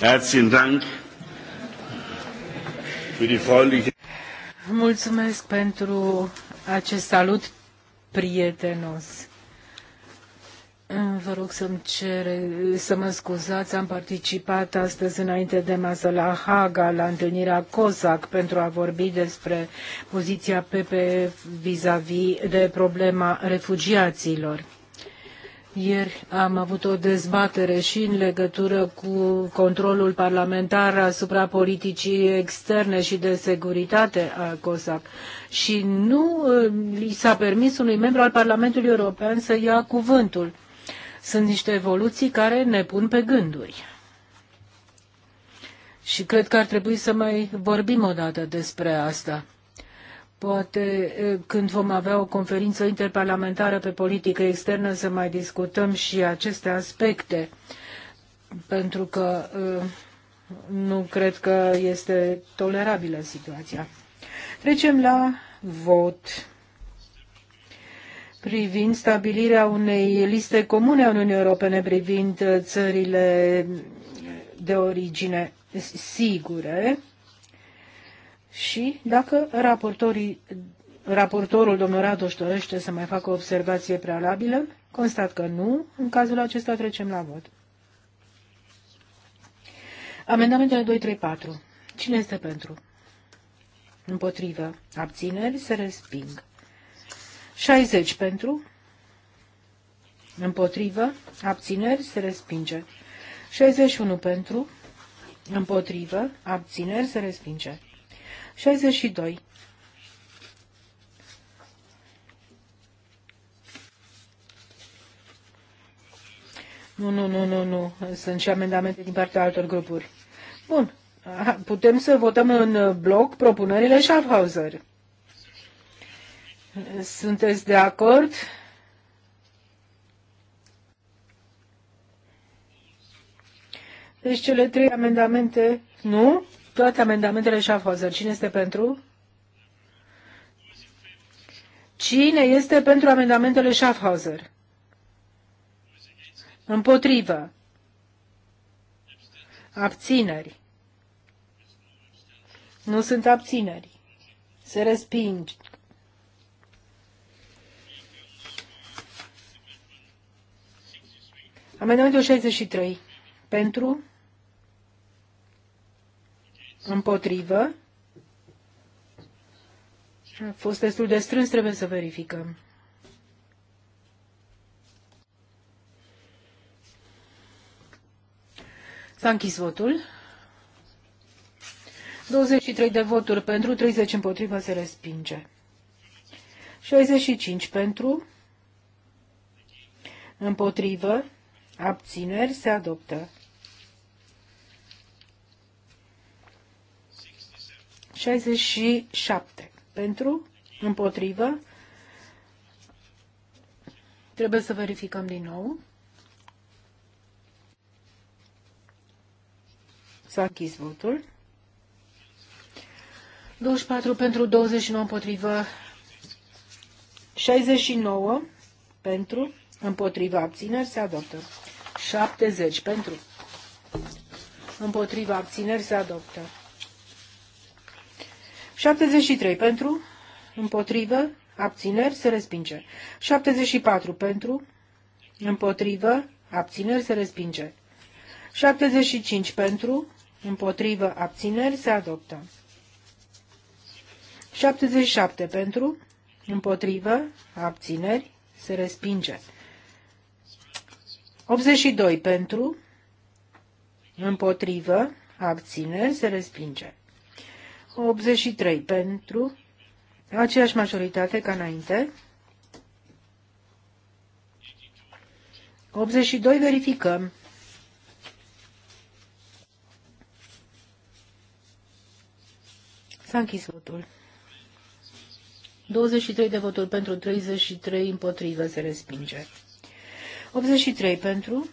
Herzlichen Dank für die freundliche. Mulțumesc pentru acest salut prietenos. Vă rog să-mi cere, să mă scuzați, am participat astăzi înainte de masă la Haga, la întâlnirea COSAC, pentru a vorbi despre poziția PP vis-a-vis de problema refugiaților. Ieri am avut o dezbatere și în legătură cu controlul parlamentar asupra politicii externe și de securitate a COSAC și nu eh, li s-a permis unui membru al Parlamentului European să ia cuvântul. Sunt niște evoluții care ne pun pe gânduri. Și cred că ar trebui să mai vorbim o dată despre asta. Poate când vom avea o conferință interparlamentară pe politică externă să mai discutăm și aceste aspecte, pentru că nu cred că este tolerabilă situația. Trecem la vot privind stabilirea unei liste comune a Uniunii Europene privind țările de origine sigure și dacă raportorii, raportorul domnul Radoș dorește să mai facă o observație prealabilă, constat că nu, în cazul acesta trecem la vot. Amendamentele 4. Cine este pentru? Împotrivă. Abțineri se resping. 60 pentru. Împotrivă. Abțineri se respinge. 61 pentru. Împotrivă. Abțineri se respinge. 62. Nu, nu, nu, nu, nu. Sunt și amendamente din partea altor grupuri. Bun. Putem să votăm în bloc propunerile Schaffhauser. Sunteți de acord? Deci cele trei amendamente, nu? Toate amendamentele afozări. Deci, cine este pentru? Cine este pentru amendamentele Schaffhauser? Împotrivă. Abțineri. Nu sunt abțineri. Se resping. Amendamentul 63. Pentru. Împotrivă. A fost destul de strâns, trebuie să verificăm. S-a închis votul. 23 de voturi pentru, 30 împotrivă se respinge. 65 pentru, împotrivă, abțineri se adoptă. 67 pentru, împotrivă. Trebuie să verificăm din nou. S-a închis votul. 24 pentru, 29 împotrivă, 69 pentru, împotriva abțineri se adoptă. 70 pentru, împotriva abțineri se adoptă. 73 pentru, împotrivă, abțineri, se respinge. 74 pentru, împotrivă, abțineri, se respinge. 75 pentru, împotrivă, abțineri, se adoptă. 77 pentru, împotrivă, abțineri, se respinge. 82 pentru, împotrivă, abțineri, se respinge. 83 pentru, aceeași majoritate ca înainte. 82 verificăm. S-a închis votul. 23 de voturi pentru, 33 împotrivă se respinge. 83 pentru,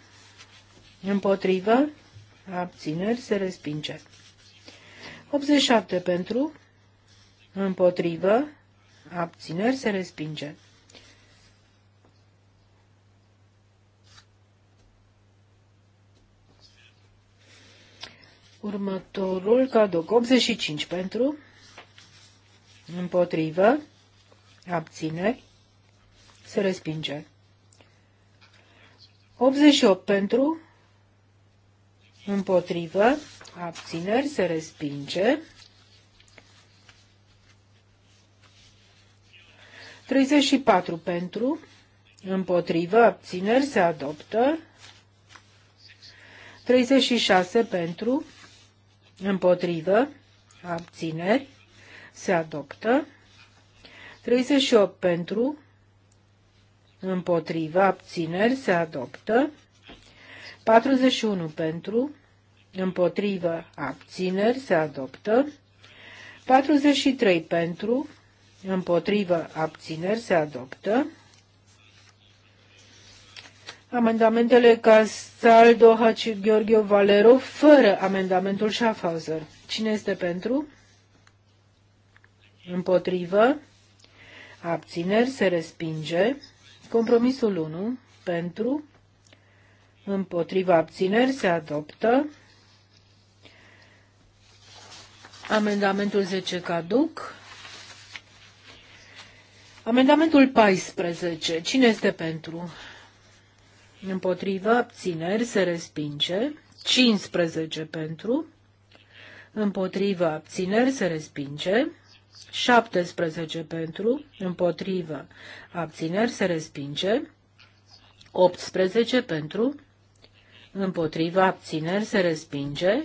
împotrivă, abțineri se respinge. 87 pentru, împotrivă, abțineri se respinge. Următorul caduc 85 pentru, împotrivă, abțineri, se respinge. 88 pentru, împotrivă, abțineri se respinge. 34 pentru, împotrivă, abțineri se adoptă. 36 pentru, împotrivă, abțineri se adoptă. 38 pentru, împotrivă, abțineri se adoptă. 41 pentru, împotrivă, abțineri, se adoptă. 43 pentru, împotrivă, abțineri, se adoptă. Amendamentele Castaldo, Haci, Gheorghe Valero, fără amendamentul Schaffhauser. Cine este pentru? Împotrivă. Abțineri se respinge. Compromisul 1. Pentru. Împotrivă abțineri se adoptă. Amendamentul 10 caduc. Amendamentul 14. Cine este pentru? Împotrivă, abțineri, se respinge. 15 pentru. Împotrivă, abțineri, se respinge. 17 pentru. Împotrivă, abțineri, se respinge. 18 pentru. Împotrivă, abțineri, se respinge.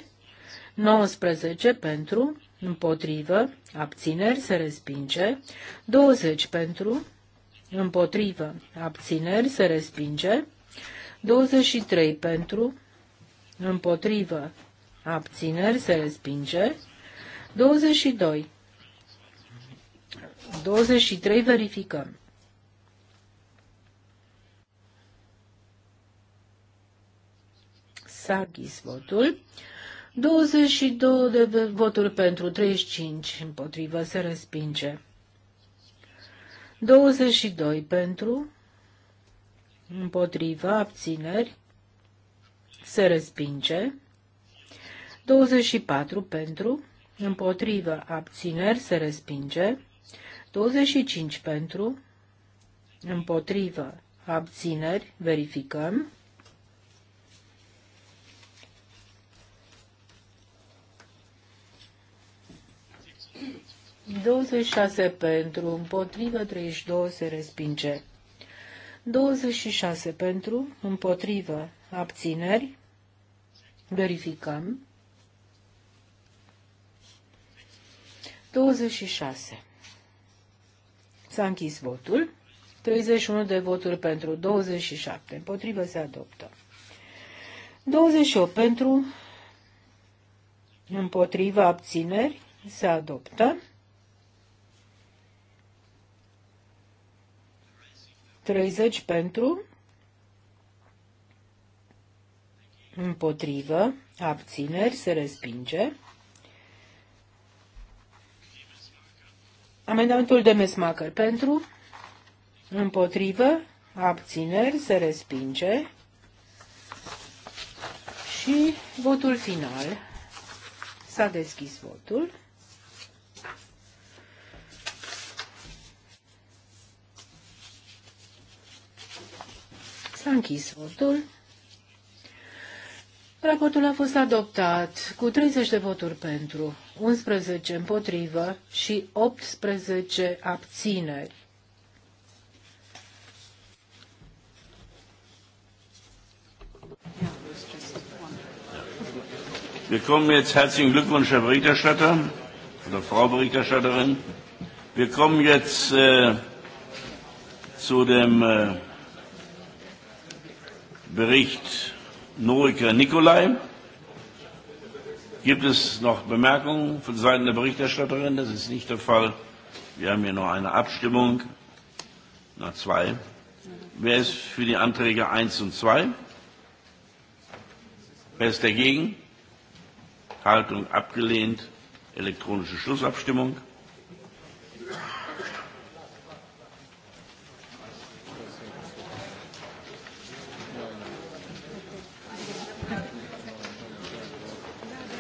19 pentru, împotrivă, abțineri, se respinge. 20 pentru, împotrivă, abțineri, se respinge. 23 pentru, împotrivă, abțineri, se respinge. 22. 23 verificăm. s votul. 22 de voturi pentru, 35 împotrivă, se respinge. 22 pentru, împotrivă, abțineri, se respinge. 24 pentru, împotrivă, abțineri, se respinge. 25 pentru, împotrivă, abțineri, verificăm. 26 pentru, împotrivă 32 se respinge. 26 pentru, împotrivă, abțineri. Verificăm. 26. S-a închis votul. 31 de voturi pentru, 27 împotrivă se adoptă. 28 pentru, împotrivă abțineri se adoptă. 30 pentru, împotrivă, abțineri, se respinge. Amendamentul de mesmacăr pentru, împotrivă, abțineri, se respinge. Și votul final. S-a deschis votul. S-a închis votul. Raportul a fost adoptat cu 30 de voturi pentru, 11 împotrivă și 18 abțineri. Wir kommen jetzt, herzlichen Glückwunsch, Herr Berichterstatter oder Frau Berichterstatterin. Wir kommen jetzt äh, zu dem äh, Bericht Norika Nikolai. Gibt es noch Bemerkungen von Seiten der Berichterstatterin? Das ist nicht der Fall. Wir haben hier noch eine Abstimmung. Na, zwei. Wer ist für die Anträge 1 und 2? Wer ist dagegen? Haltung abgelehnt. Elektronische Schlussabstimmung.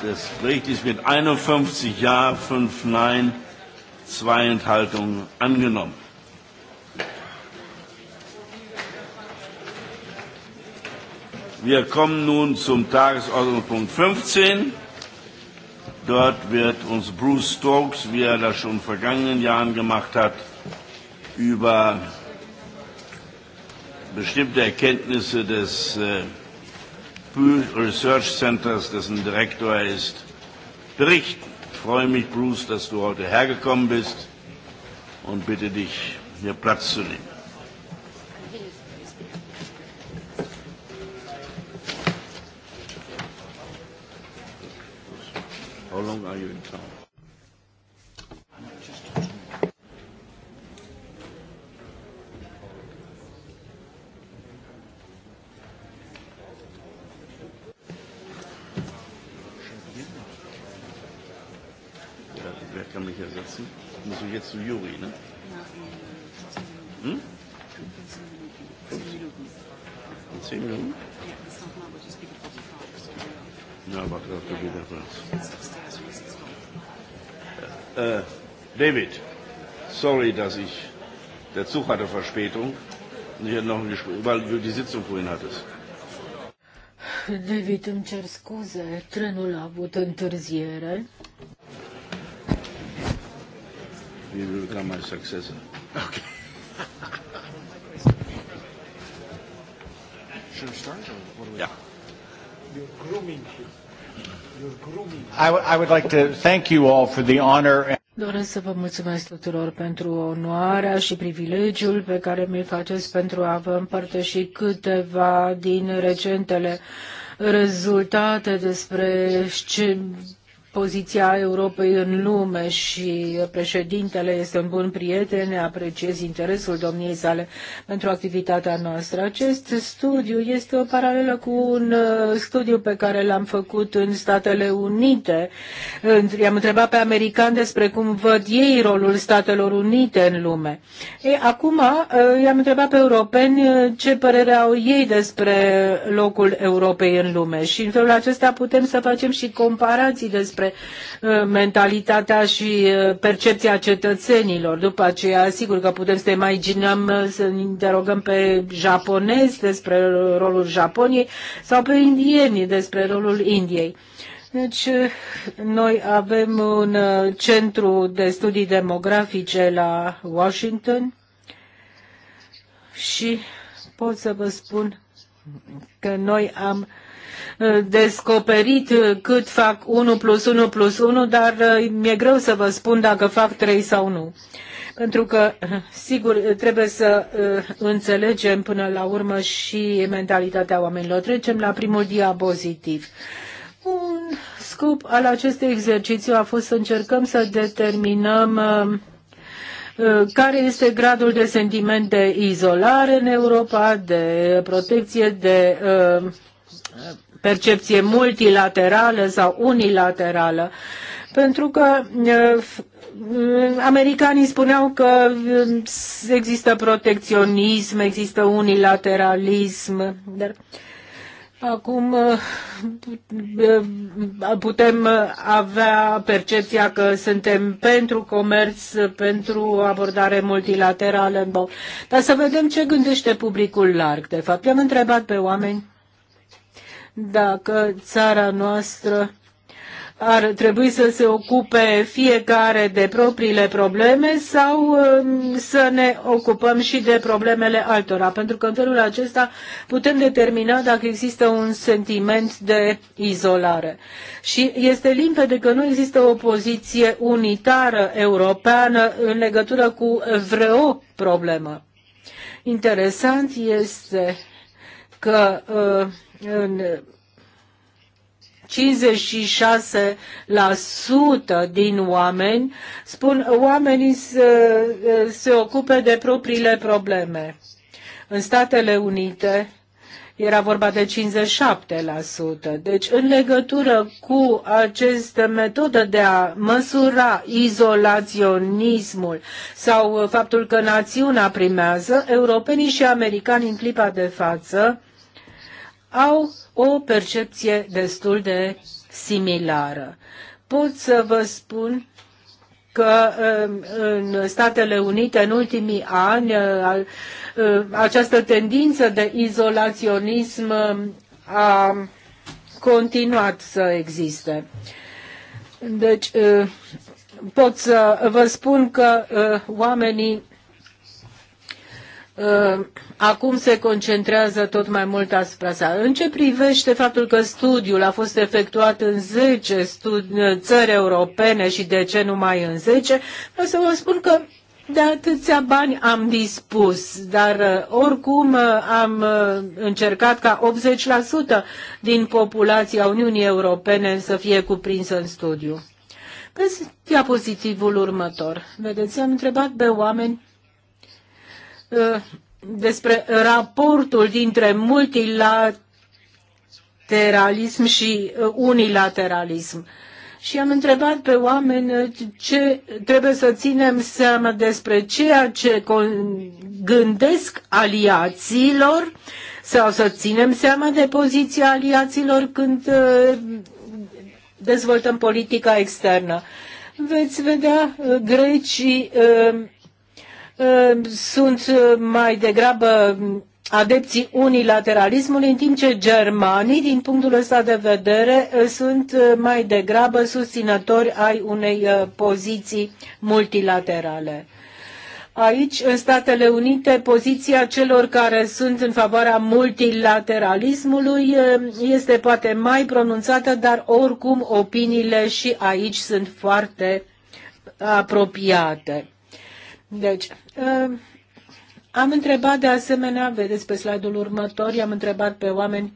des Berichtes mit 51 Ja, 5 Nein, 2 Enthaltungen angenommen. Wir kommen nun zum Tagesordnungspunkt 15. Dort wird uns Bruce Stokes, wie er das schon in vergangenen Jahren gemacht hat, über bestimmte Erkenntnisse des äh, Pool Research Centers, dessen Direktor er ist, berichten. Ich freue mich, Bruce, dass du heute hergekommen bist und bitte dich, hier Platz zu nehmen. How long are you in town? muss ich jetzt zu Juri, ne? Hm? In zehn Minuten? Ja, warte, da geht der Platz. Äh, äh, David, sorry, dass ich. Der Zug hatte Verspätung. Und ich hatte noch ein Gespräch, weil du die Sitzung vorhin hattest. David, îmi cer scuze, trenul a avut întârziere. You will become my successor. Okay. Should I start or what do we Yeah. You're grooming him. You're grooming him. I, I would like to thank you all for the honor. And Doresc să vă mulțumesc tuturor pentru onoarea și privilegiul pe care mi-l faceți pentru a vă împărtăși câteva din recentele rezultate despre ce poziția Europei în lume și președintele este un bun prieten, apreciez interesul domniei sale pentru activitatea noastră. Acest studiu este o paralelă cu un uh, studiu pe care l-am făcut în Statele Unite. I-am întrebat pe americani despre cum văd ei rolul Statelor Unite în lume. E, acum uh, i-am întrebat pe europeni uh, ce părere au ei despre locul Europei în lume și în felul acesta putem să facem și comparații despre despre uh, mentalitatea și uh, percepția cetățenilor. După aceea, sigur că putem să uh, ne imaginăm, să interogăm pe japonezi despre rolul Japoniei sau pe indieni despre rolul Indiei. Deci, noi avem un centru de studii demografice la Washington și pot să vă spun că noi am descoperit cât fac 1 plus 1 plus 1, dar uh, mi-e greu să vă spun dacă fac 3 sau nu. Pentru că, sigur, trebuie să uh, înțelegem până la urmă și mentalitatea oamenilor. Trecem la primul diapozitiv. Un scop al acestui exercițiu a fost să încercăm să determinăm uh, care este gradul de sentiment de izolare în Europa, de protecție, de uh, percepție multilaterală sau unilaterală. Pentru că americanii spuneau că există protecționism, există unilateralism, dar Acum putem avea percepția că suntem pentru comerț, pentru abordare multilaterală. Dar să vedem ce gândește publicul larg, de fapt. I-am întrebat pe oameni dacă țara noastră ar trebui să se ocupe fiecare de propriile probleme sau um, să ne ocupăm și de problemele altora, pentru că în felul acesta putem determina dacă există un sentiment de izolare. Și este limpede că nu există o poziție unitară europeană în legătură cu vreo problemă. Interesant este că uh, în 56% din oameni spun oamenii se, se ocupe de propriile probleme. În Statele Unite era vorba de 57%. Deci în legătură cu această metodă de a măsura izolaționismul sau faptul că națiunea primează, europenii și americani în clipa de față au o percepție destul de similară. Pot să vă spun că um, în Statele Unite în ultimii ani uh, uh, această tendință de izolaționism uh, a continuat să existe. Deci pot să vă spun că oamenii acum se concentrează tot mai mult asupra sa. În ce privește faptul că studiul a fost efectuat în 10 țări europene și de ce numai în 10, vreau să vă spun că de atâția bani am dispus, dar uh, oricum uh, am uh, încercat ca 80% din populația Uniunii Europene să fie cuprinsă în studiu. Pe diapozitivul următor, vedeți, am întrebat pe oameni despre raportul dintre multilateralism și uh, unilateralism. Și am întrebat pe oameni uh, ce trebuie să ținem seama despre ceea ce gândesc aliaților sau să ținem seama de poziția aliaților când uh, dezvoltăm politica externă. Veți vedea grecii Ehm, sunt eh, mai degrabă adepții unilateralismului, în timp ce germanii, din punctul ăsta de vedere, eh, sunt eh, mai degrabă susținători ai unei poziții multilaterale. Aici, în Statele Unite, poziția celor care sunt în favoarea multilateralismului este poate mai pronunțată, dar oricum opiniile și aici sunt foarte apropiate. Deci, uh, am întrebat de asemenea, vedeți pe slide-ul următor, i-am întrebat pe oameni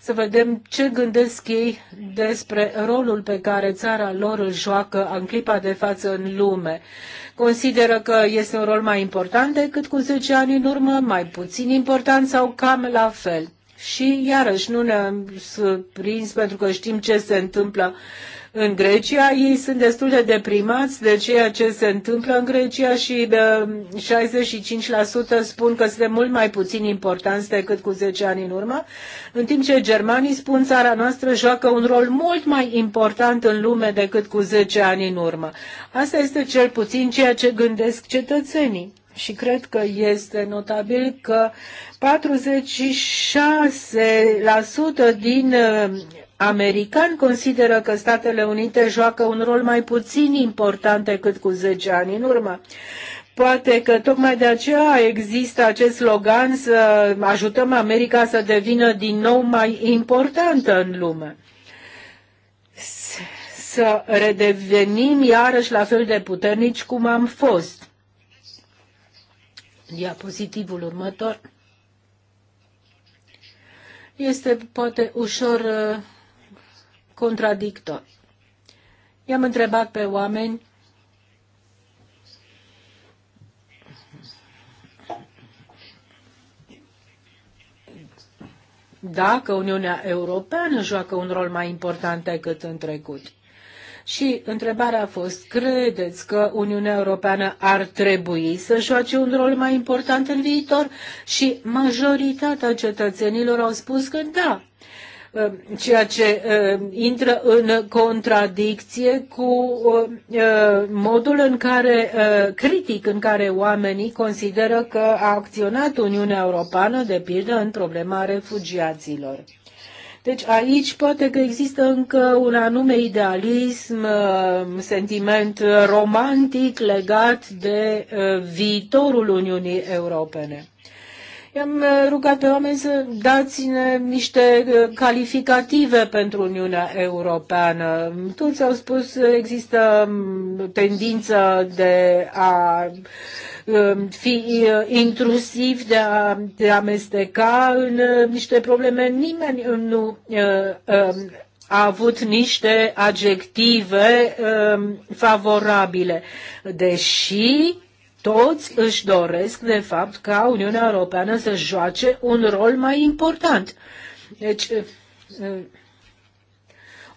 să vedem ce gândesc ei despre rolul pe care țara lor îl joacă în clipa de față în lume. Consideră că este un rol mai important decât cu 10 ani în urmă, mai puțin important sau cam la fel. Și iarăși nu ne-am surprins pentru că știm ce se întâmplă în Grecia ei sunt destul de deprimați de ceea ce se întâmplă în Grecia și 65% uh, spun că sunt mult mai puțin importanți decât cu 10 ani în urmă, în timp ce germanii spun țara noastră joacă un rol mult mai important în lume decât cu 10 ani în urmă. Asta este cel puțin ceea ce gândesc cetățenii. Și cred că este notabil că 46% din uh, americani consideră că Statele Unite joacă un rol mai puțin important decât cu 10 ani în urmă. Poate că tocmai de aceea există acest slogan să ajutăm America să devină din nou mai importantă în lume. Să redevenim iarăși la fel de puternici cum am fost. Diapozitivul următor este poate ușor uh, contradictori. I-am întrebat pe oameni dacă Uniunea Europeană joacă un rol mai important decât în trecut. Și întrebarea a fost, credeți că Uniunea Europeană ar trebui să joace un rol mai important în viitor? Și majoritatea cetățenilor au spus că da, Um, ceea ce um, intră în contradicție cu um, uh, modul în care, uh, critic în care oamenii consideră că a acționat Uniunea Europeană, de pildă, în problema refugiaților. Deci aici poate că există încă un anume idealism, sentiment romantic legat de uh, viitorul Uniunii Europene. I-am uh, rugat pe oameni să dați-ne niște uh, calificative pentru Uniunea Europeană. Toți au spus uh, există um, tendință de a um, fi intrusiv, de a te amesteca în niște probleme. Nimeni nu um, a avut niște adjective favorabile, deși toți își doresc, de fapt, ca Uniunea Europeană să joace un rol mai important. Deci, eh, eh,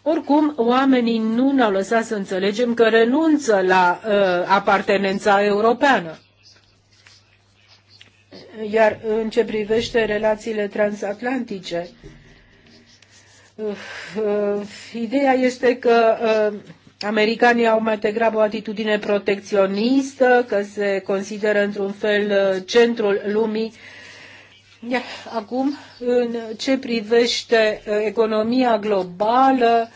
oricum, oamenii nu ne-au lăsat să înțelegem că renunță la uh, apartenența europeană. Iar în ce privește relațiile transatlantice, uh, uh, ideea este că uh, Americanii au mai degrabă o atitudine protecționistă, că se consideră într-un fel uh, centrul lumii. Acum, în ce privește uh, economia globală,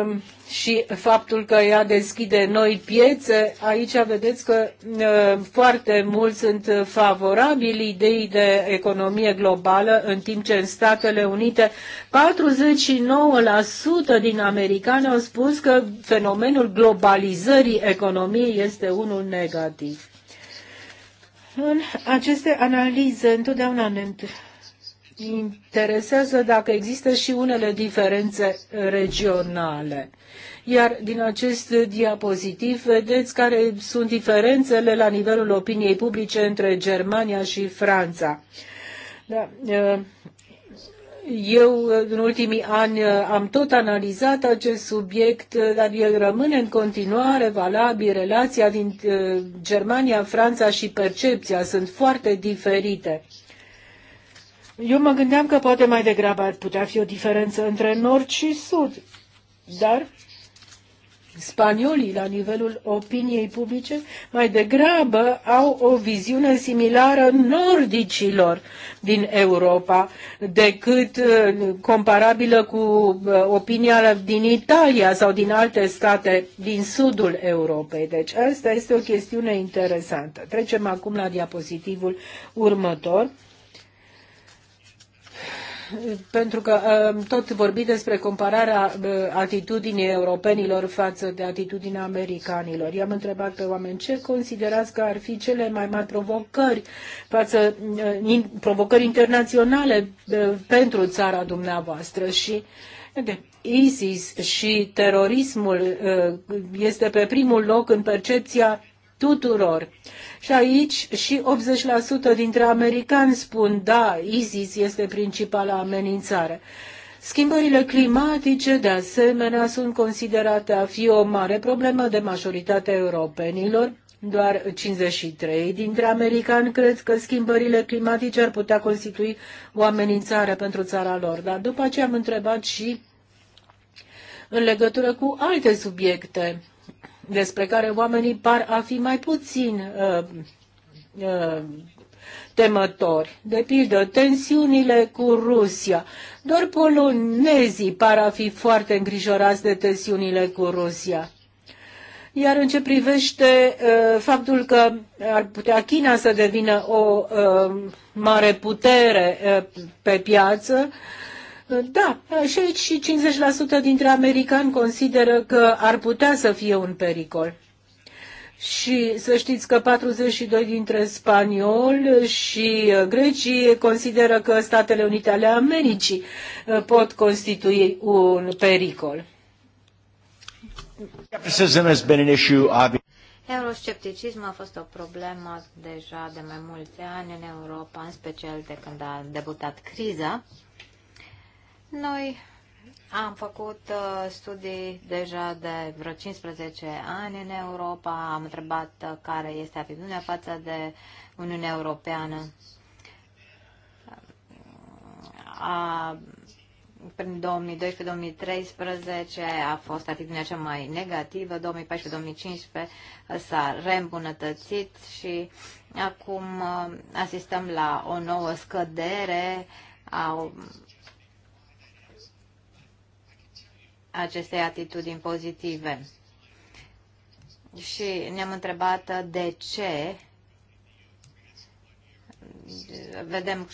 um, și faptul că ea deschide noi piețe, aici vedeți că uh, foarte mulți sunt favorabili ideii de economie globală, în timp ce în Statele Unite 49% din americani au spus că fenomenul globalizării economiei este unul negativ. În aceste analize întotdeauna ne interesează dacă există și unele diferențe regionale. Iar din acest diapozitiv vedeți care sunt diferențele la nivelul opiniei publice între Germania și Franța. Da, eh, eu eh, în ultimii ani eh, am tot analizat acest subiect, dar el rămâne în continuare valabil. Relația din Germania, Franța și percepția sunt foarte diferite. Eu mă gândeam că poate mai degrabă ar putea fi o diferență între nord și sud, dar spaniolii, la nivelul opiniei publice, mai degrabă au o viziune similară nordicilor din Europa decât uh, comparabilă cu uh, opinia din Italia sau din alte state din sudul Europei. Deci asta este o chestiune interesantă. Trecem acum la diapozitivul următor pentru că um, tot vorbit despre compararea uh, atitudinii europenilor față de atitudinea americanilor. I-am întrebat pe oameni ce considerați că ar fi cele mai mari provocări față uh, provocări internaționale uh, pentru țara dumneavoastră și de, ISIS și terorismul este pe primul loc în percepția tuturor. Și aici și 80% dintre americani spun da, ISIS este principala amenințare. Schimbările climatice, de asemenea, sunt considerate a fi o mare problemă de majoritatea europenilor. Doar 53 dintre americani cred că schimbările climatice ar putea constitui o amenințare pentru țara lor. Dar după ce am întrebat și în legătură cu alte subiecte despre care oamenii par a fi mai puțin uh, uh, temători. De pildă, tensiunile cu Rusia. Doar polonezii par a fi foarte îngrijorați de tensiunile cu Rusia. Iar în ce privește uh, faptul că ar putea China să devină o uh, mare putere uh, pe piață, uh, da, și aici și 50 dintre americani consideră că ar putea să fie un pericol. Și să știți că 42 dintre spanioli și uh, grecii consideră că Statele Unite ale Americii uh, pot constitui un pericol. Euroscepticism a fost o problemă deja de mai mulți ani în Europa, în special de când a debutat criza. Noi am făcut uh, studii deja de vreo 15 ani în Europa, am întrebat uh, care este atitudinea față de Uniunea Europeană. A, prin 2012-2013 a fost atitudinea cea mai negativă, 2014-2015 s-a reîmbunătățit și acum uh, asistăm la o nouă scădere a acestei atitudini pozitive. Și ne-am întrebat de ce vedem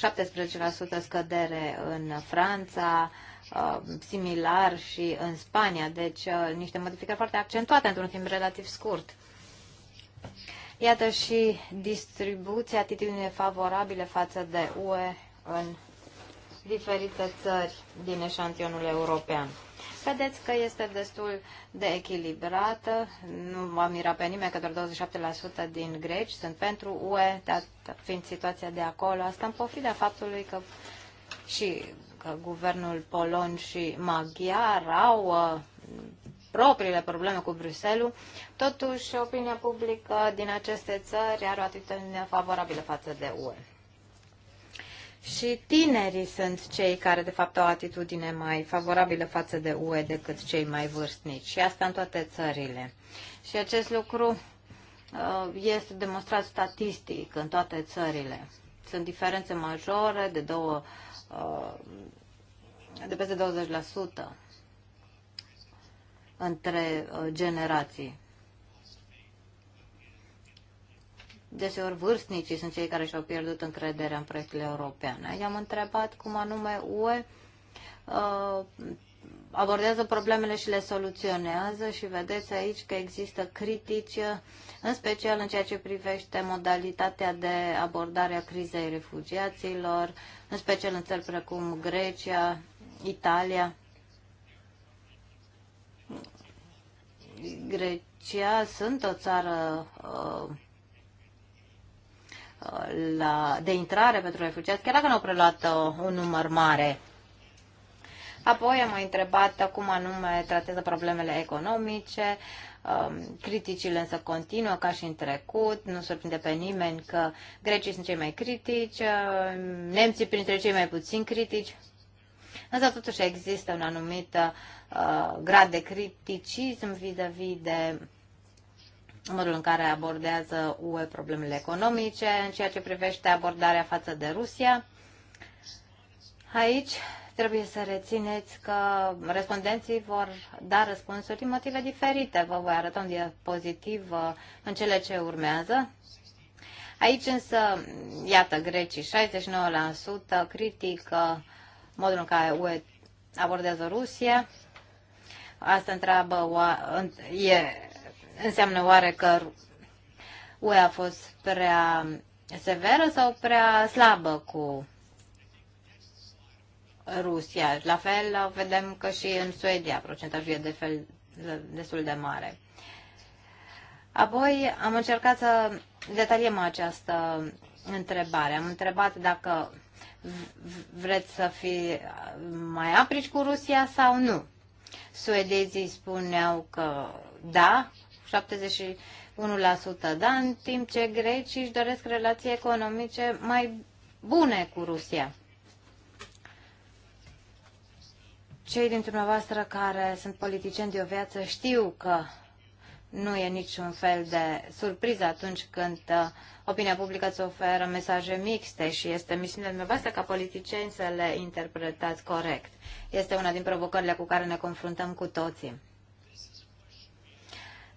17% scădere în Franța, uh, similar și în Spania, deci uh, niște modificări foarte accentuate într-un timp relativ scurt. Iată și distribuția atitudine favorabile față de UE în diferite țări din eșantionul european. Vedeți că este destul de echilibrată. Nu va mira pe nimeni că doar 27% din greci sunt pentru UE, dar fiind situația de acolo, asta în pofida faptului că și că guvernul polon și maghiar au uh, propriile probleme cu Bruxelles, totuși opinia publică din aceste țări are o atitudine favorabilă față de UE și tinerii sunt cei care, de fapt, au o atitudine mai favorabilă față de UE decât cei mai vârstnici. Și asta în toate țările. Și acest lucru uh, este demonstrat statistic în toate țările. Sunt diferențe majore de, două, uh, de peste 20% între uh, generații. deseori vârstnicii sunt cei care și-au pierdut încrederea în proiectele europene. I-am întrebat cum anume UE uh, abordează problemele și le soluționează și vedeți aici că există critici, în special în ceea ce privește modalitatea de abordare a crizei refugiaților, în special în țări precum Grecia, Italia. Grecia sunt o țară uh, la, de intrare pentru refugiați, chiar dacă nu au preluat uh, un număr mare. Apoi am mai întrebat cum anume tratează problemele economice, um, criticile însă continuă ca și în trecut, nu surprinde pe nimeni că grecii sunt cei mai critici, uh, nemții printre cei mai puțin critici, însă totuși există un anumit uh, grad de criticism vis-a-vis -vis de modul în care abordează UE problemele economice, în ceea ce privește abordarea față de Rusia. Aici trebuie să rețineți că respondenții vor da răspunsuri din motive diferite. Vă voi arăta un diapozitiv uh, în cele ce urmează. Aici însă, iată, grecii 69% critică modul în care UE abordează Rusia. Asta întreabă, e Înseamnă oare că UE a fost prea severă sau prea slabă cu Rusia? La fel vedem că și în Suedia procentajul e de fel, destul de mare. Apoi am încercat să detaliem această întrebare. Am întrebat dacă vreți să fi mai aprici cu Rusia sau nu. Suedezii spuneau că da, 71%, da, în timp ce grecii își doresc relații economice mai bune cu Rusia. Cei dintre dumneavoastră care sunt politicieni de o viață știu că nu e niciun fel de surpriză atunci când uh, opinia publică îți oferă mesaje mixte și este misiunea dumneavoastră ca politicieni să le interpretați corect. Este una din provocările cu care ne confruntăm cu toții.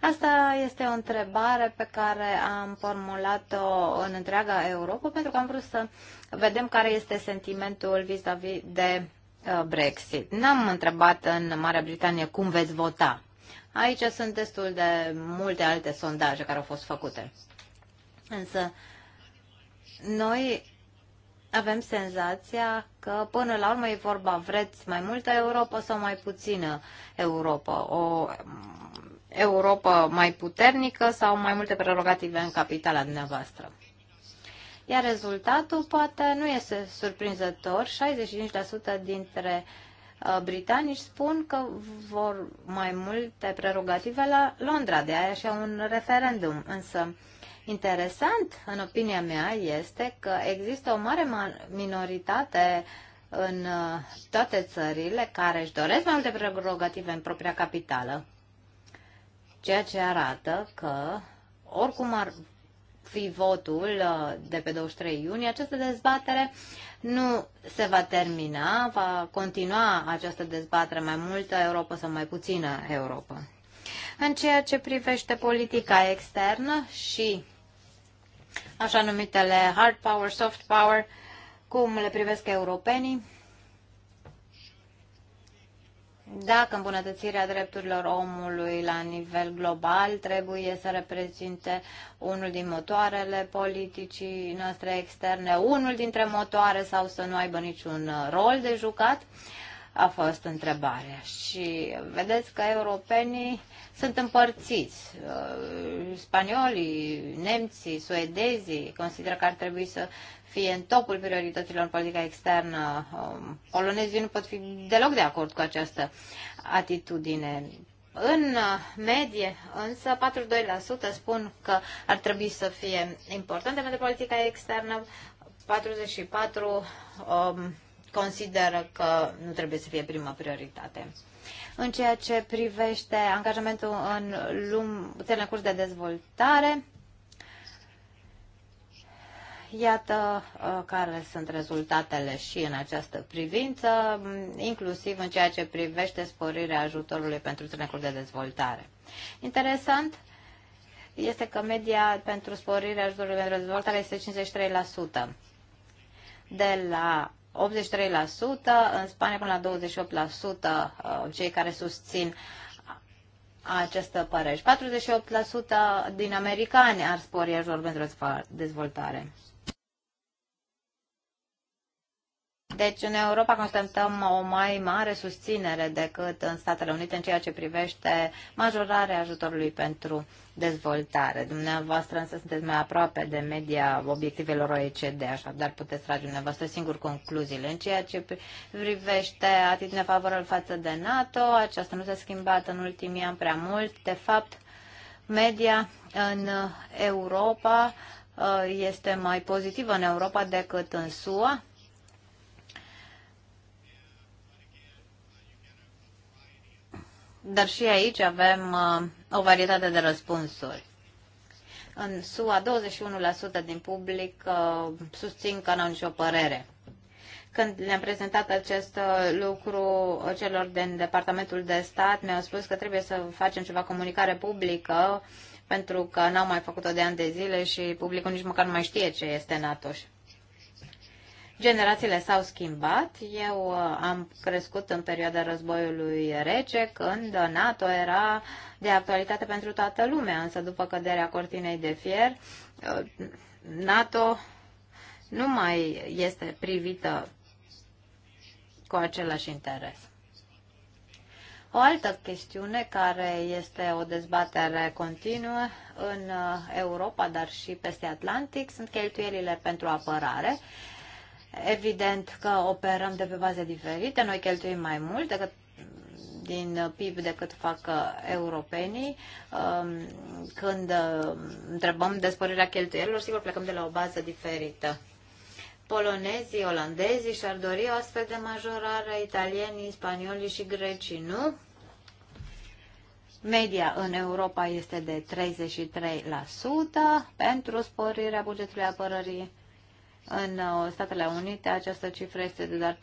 Asta este o întrebare pe care am formulat-o în întreaga Europa, pentru că am vrut să vedem care este sentimentul vis-a-vis -vis de uh, Brexit. N-am întrebat în Marea Britanie cum veți vota. Aici sunt destul de multe alte sondaje care au fost făcute. Însă, noi avem senzația că până la urmă e vorba, vreți mai multă Europa sau mai puțină Europa? O Europa mai puternică sau mai multe prerogative în capitala dumneavoastră. Iar rezultatul poate nu este surprinzător. 65% dintre uh, britanici spun că vor mai multe prerogative la Londra, de aia și un referendum. Însă, interesant, în opinia mea, este că există o mare minoritate în uh, toate țările care își doresc mai multe prerogative în propria capitală ceea ce arată că, oricum ar fi votul uh, de pe 23 iunie, această dezbatere nu se va termina, va continua această dezbatere mai multă Europa sau mai puțină Europa. În ceea ce privește politica externă și așa numitele hard power, soft power, cum le privesc europenii, dacă îmbunătățirea drepturilor omului la nivel global trebuie să reprezinte unul din motoarele politicii noastre externe, unul dintre motoare sau să nu aibă niciun rol de jucat, a fost întrebarea. Și vedeți că europenii sunt împărțiți. Uh, spaniolii, nemții, suedezii consideră că ar trebui să fie în topul priorităților politica externă. Um, polonezii nu pot fi deloc de acord cu această atitudine. În uh, medie, însă, 42% spun că ar trebui să fie importante pentru politica externă, 44 um, consideră că nu trebuie să fie prima prioritate. În ceea ce privește angajamentul în lum- țările în curs de dezvoltare, Iată uh, care sunt rezultatele și în această privință, inclusiv în ceea ce privește sporirea ajutorului pentru tânecul de dezvoltare. Interesant este că media pentru sporirea ajutorului pentru dezvoltare este 53%, de la 83% în Spania până la 28% uh, cei care susțin această părere. 48% din americani ar spori ajutorul pentru dezvoltare. Deci în Europa constatăm o mai mare susținere decât în Statele Unite în ceea ce privește majorarea ajutorului pentru dezvoltare. Dumneavoastră însă sunteți mai aproape de media obiectivelor OECD, așadar puteți trage dumneavoastră singur concluziile. În ceea ce privește atitudinea favorabilă față de NATO, aceasta nu s-a schimbat în ultimii ani prea mult. De fapt, media în Europa uh, este mai pozitivă în Europa decât în SUA Dar și aici avem uh, o varietate de răspunsuri. În SUA, 21% din public uh, susțin că n-au nicio părere. Când le-am prezentat acest uh, lucru celor din Departamentul de Stat, mi-au spus că trebuie să facem ceva comunicare publică pentru că n-au mai făcut-o de ani de zile și publicul nici măcar nu mai știe ce este NATO. Generațiile s-au schimbat. Eu uh, am crescut în perioada războiului rece, când NATO era de actualitate pentru toată lumea, însă după căderea cortinei de fier, uh, NATO nu mai este privită cu același interes. O altă chestiune care este o dezbatere continuă în uh, Europa, dar și peste Atlantic, sunt cheltuielile pentru apărare. Evident că operăm de pe baze diferite, noi cheltuim mai mult decât din PIB decât fac uh, europenii. Um, când um, întrebăm despărirea cheltuielilor, sigur plecăm de la o bază diferită. Polonezii, olandezii și-ar dori o astfel de majorare, italienii, spaniolii și grecii nu. Media în Europa este de 33% pentru sporirea bugetului apărării în uh, Statele Unite această cifră este de doar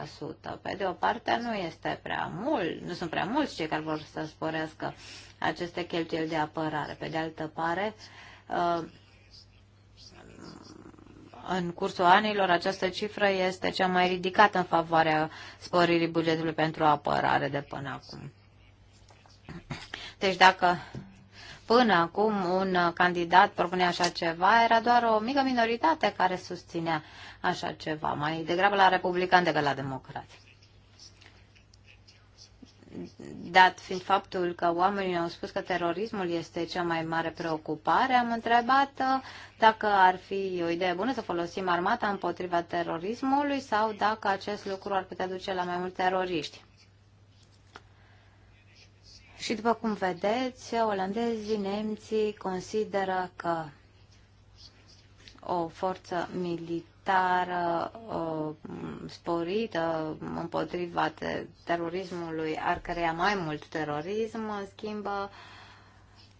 35%. Pe de o parte nu este prea mult, nu sunt prea mulți cei care vor să sporească aceste cheltuieli de apărare. Pe de altă parte, uh, în cursul anilor această cifră este cea mai ridicată în favoarea sporirii bugetului pentru apărare de până acum. Deci dacă până acum un candidat propunea așa ceva, era doar o mică minoritate care susținea așa ceva, mai degrabă la republican decât la democrați. Dat fiind faptul că oamenii au spus că terorismul este cea mai mare preocupare, am întrebat uh, dacă ar fi o idee bună să folosim armata împotriva terorismului sau dacă acest lucru ar putea duce la mai mulți teroriști. Și după cum vedeți, olandezii, nemții consideră că o forță militară uh, sporită împotriva te terorismului ar crea mai mult terorism, în schimbă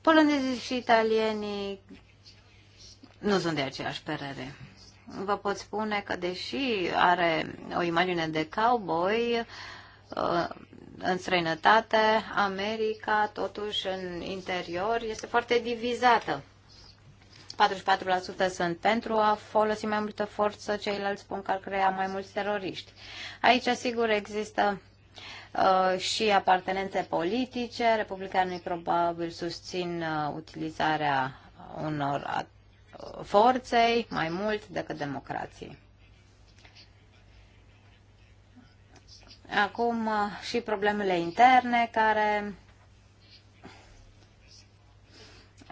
polonezii și italienii nu sunt de aceeași părere. Vă pot spune că deși are o imagine de cowboy, uh, în străinătate, America, totuși, în interior, este foarte divizată. 44% sunt pentru a folosi mai multă forță, ceilalți spun că ar crea mai mulți teroriști. Aici, sigur, există uh, și apartenențe politice. Republicanii probabil susțin uh, utilizarea unor forței mai mult decât democrației. Acum uh, și problemele interne care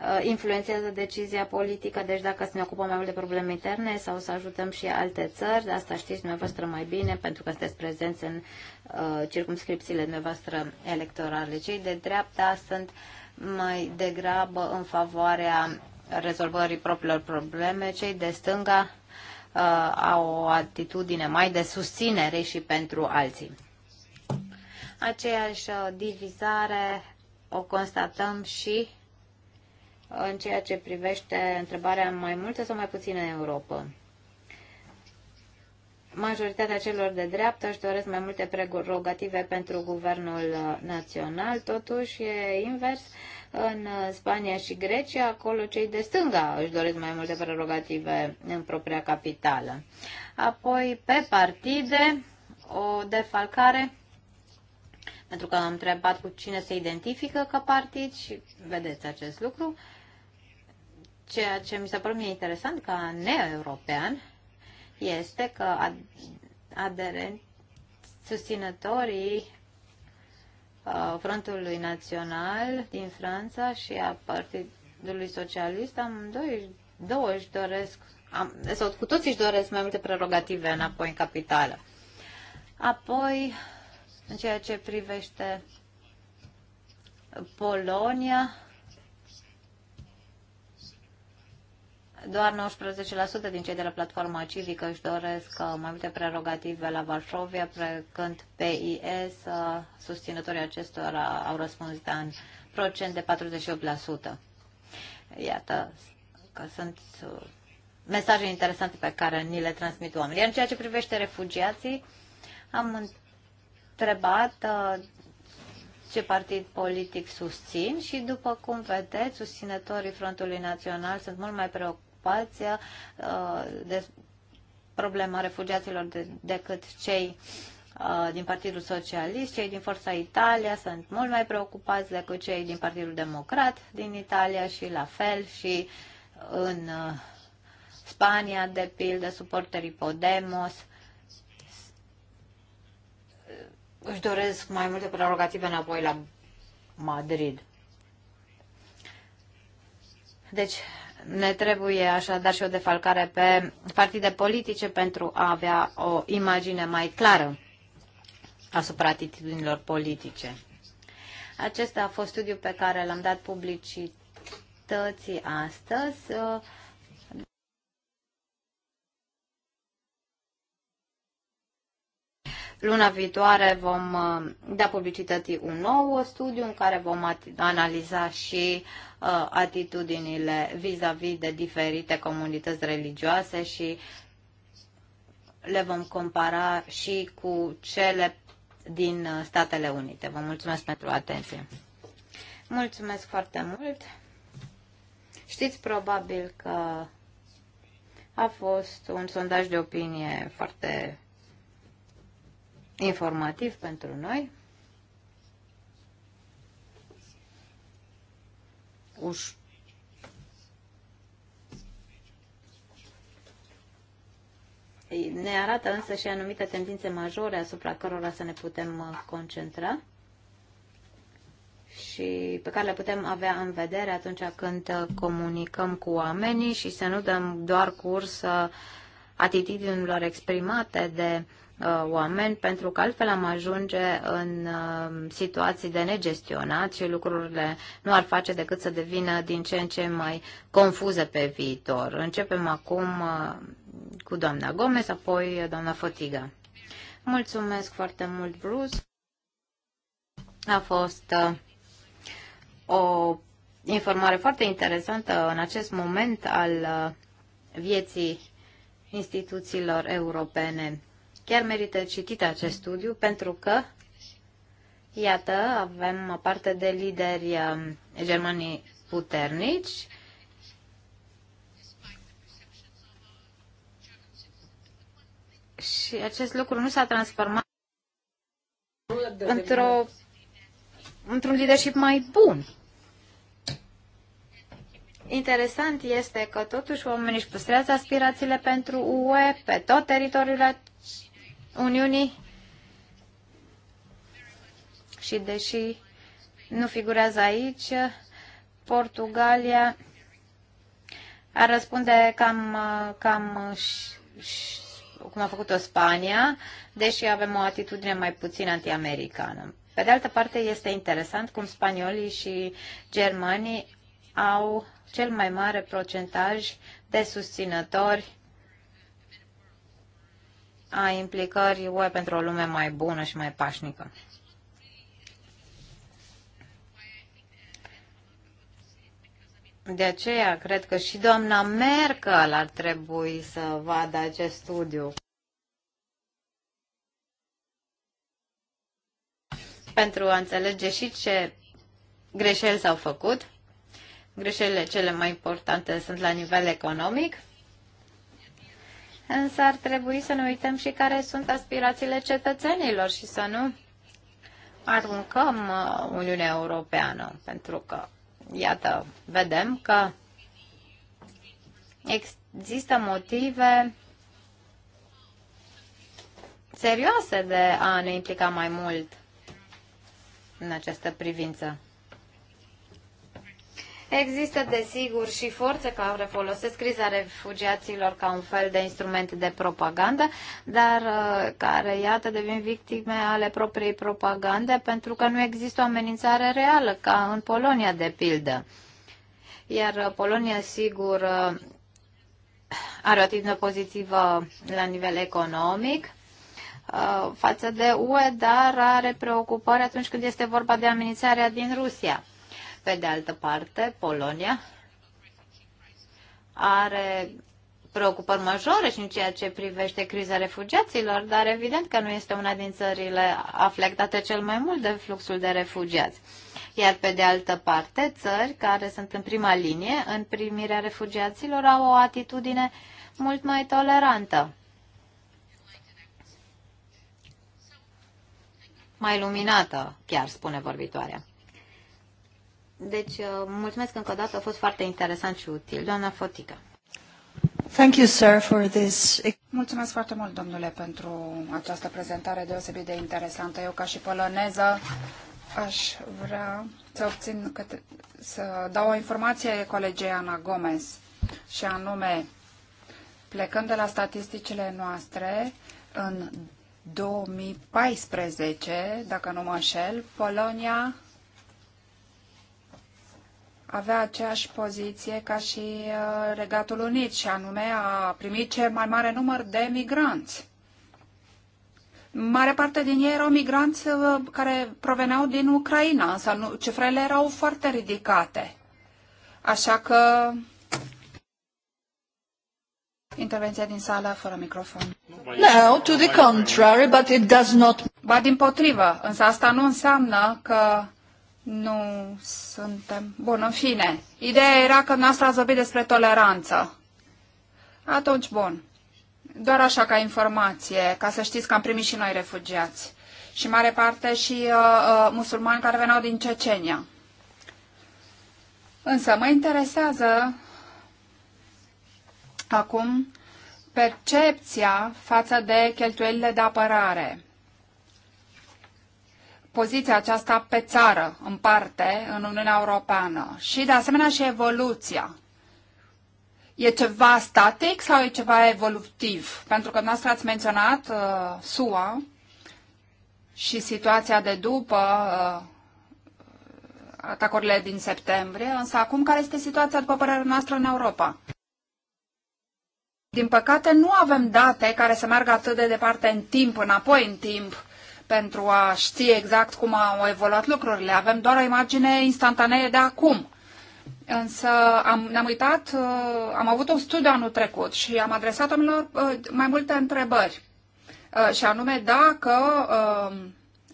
uh, influențează decizia politică, deci dacă să ne ocupăm mai mult de probleme interne sau să ajutăm și alte țări, asta știți dumneavoastră mai bine, pentru că sunteți prezenți în uh, circumscripțiile dumneavoastră electorale. Cei de dreapta sunt mai degrabă în favoarea rezolvării propriilor probleme, cei de stânga uh, au o atitudine mai de susținere și pentru alții. Aceeași uh, divizare o constatăm și uh, în ceea ce privește întrebarea mai multe sau mai puține în Europa. Majoritatea celor de dreapta își doresc mai multe prerogative pentru guvernul uh, național, totuși e invers. În Spania și Grecia, acolo cei de stânga își doresc mai multe prerogative în propria capitală. Apoi, pe partide, o defalcare pentru că am întrebat cu cine se identifică ca partid și vedeți acest lucru. Ceea ce mi se pare mie interesant ca neo-european este că aderenți susținătorii uh, Frontului Național din Franța și a Partidului Socialist, amândoi două își doresc, am, sau cu toți își doresc mai multe prerogative înapoi în capitală. Apoi, în ceea ce privește Polonia, doar 19% din cei de la platforma civică își doresc uh, mai multe prerogative la Varsovia, când PIS, uh, susținătorii acestora, au răspuns de da, în procent de 48%. Iată că sunt uh, mesaje interesante pe care ni le transmit oamenii. Iar în ceea ce privește refugiații, am întrebat uh, ce partid politic susțin și, după cum vedeți, susținătorii Frontului Național sunt mult mai preocupați uh, de problema refugiaților decât cei uh, din Partidul Socialist, cei din Forța Italia sunt mult mai preocupați decât cei din Partidul Democrat din Italia și la fel și în Spania, de pildă, suporterii Podemos își doresc mai multe prerogative înapoi la Madrid. Deci ne trebuie așadar și o defalcare pe partide politice pentru a avea o imagine mai clară asupra atitudinilor politice. Acesta a fost studiul pe care l-am dat publicității astăzi. Luna viitoare vom uh, da publicității un nou studiu în care vom analiza și uh, atitudinile vis-a-vis -vis de diferite comunități religioase și le vom compara și cu cele din uh, Statele Unite. Vă mulțumesc pentru atenție. Mulțumesc foarte mult. Știți probabil că a fost un sondaj de opinie foarte informativ pentru noi, uș ne arată însă și anumite tendințe majore asupra cărora să ne putem uh, concentra și pe care le putem avea în vedere atunci când uh, comunicăm cu oamenii și să nu dăm doar curs uh, atitudinilor exprimate de uh, uh, oameni, pentru că altfel am ajunge în uh, situații de negestionat și lucrurile nu ar face decât să devină din ce în ce mai confuze pe viitor. Începem acum uh, cu doamna Gomez, apoi doamna Fotiga. Mulțumesc foarte mult, Bruce. A fost uh, o informare foarte interesantă în acest moment al uh, vieții instituțiilor europene. Chiar merită citit acest studiu pentru că, iată, avem parte de lideri um, germanii puternici și acest lucru nu s-a transformat într-o, într-un leadership mai bun. Interesant este că totuși oamenii își păstrează aspirațiile pentru UE pe tot teritoriul Uniunii și deși nu figurează aici, Portugalia ar răspunde cam, cam cum a făcut-o Spania, deși avem o atitudine mai puțin anti-americană. Pe de altă parte, este interesant cum spaniolii și germanii au cel mai mare procentaj de susținători a implicării UE pentru o lume mai bună și mai pașnică. De aceea, cred că și doamna Merkel ar trebui să vadă acest studiu. Pentru a înțelege și ce greșeli s-au făcut. Greșelile cele mai importante sunt la nivel economic însă ar trebui să ne uităm și care sunt aspirațiile cetățenilor și să nu aruncăm uh, Uniunea Europeană, pentru că, iată, vedem că există motive serioase de a ne implica mai mult în această privință. Există, desigur, și forțe care folosesc criza refugiaților ca un fel de instrument de propagandă, dar uh, care, iată, devin victime ale propriei propagande pentru că nu există o amenințare reală, ca în Polonia, de pildă. Iar uh, Polonia, sigur, uh, are o atitudine pozitivă la nivel economic față de UE, dar are preocupări atunci când este vorba de amenințarea din Rusia. Pe de altă parte, Polonia are preocupări majore și în ceea ce privește criza refugiaților, dar evident că nu este una din țările afectate cel mai mult de fluxul de refugiați. Iar pe de altă parte, țări care sunt în prima linie în primirea refugiaților au o atitudine mult mai tolerantă. Mai luminată, chiar spune vorbitoarea. Deci, uh, mulțumesc încă o dată, a fost foarte interesant și util. Doamna Fotica. Thank you, sir, for this. Mulțumesc foarte mult, domnule, pentru această prezentare deosebit de interesantă. Eu, ca și poloneză, aș vrea să obțin, câte, să dau o informație colegei Ana Gomez, și anume, plecând de la statisticile noastre, în 2014, dacă nu mă înșel, Polonia avea aceeași poziție ca și uh, Regatul Unit, și anume a primit cel mai mare număr de migranți. Mare parte din ei erau migranți uh, care proveneau din Ucraina, însă nu, cifrele erau foarte ridicate. Așa că... Intervenția din sală fără microfon. No, to the contrary, but it does not... Ba din potrivă, însă asta nu înseamnă că nu suntem... Bun, în fine. Ideea era că noastră ați vorbit despre toleranță. Atunci, bun. Doar așa ca informație, ca să știți că am primit și noi refugiați. Și mare parte și uh, uh, musulmani care veneau din Cecenia. Însă mă interesează acum percepția față de cheltuielile de apărare poziția aceasta pe țară, în parte, în Uniunea Europeană și, de asemenea, și evoluția. E ceva static sau e ceva evolutiv? Pentru că noastră ați menționat uh, SUA și situația de după uh, atacurile din septembrie, însă acum care este situația, după părerea noastră, în Europa? Din păcate, nu avem date care să meargă atât de departe în timp, înapoi în timp, pentru a ști exact cum au evoluat lucrurile. Avem doar o imagine instantanee de acum. Însă am, ne-am uitat, uh, am avut un studiu anul trecut și am adresat oamenilor uh, mai multe întrebări. Uh, și anume dacă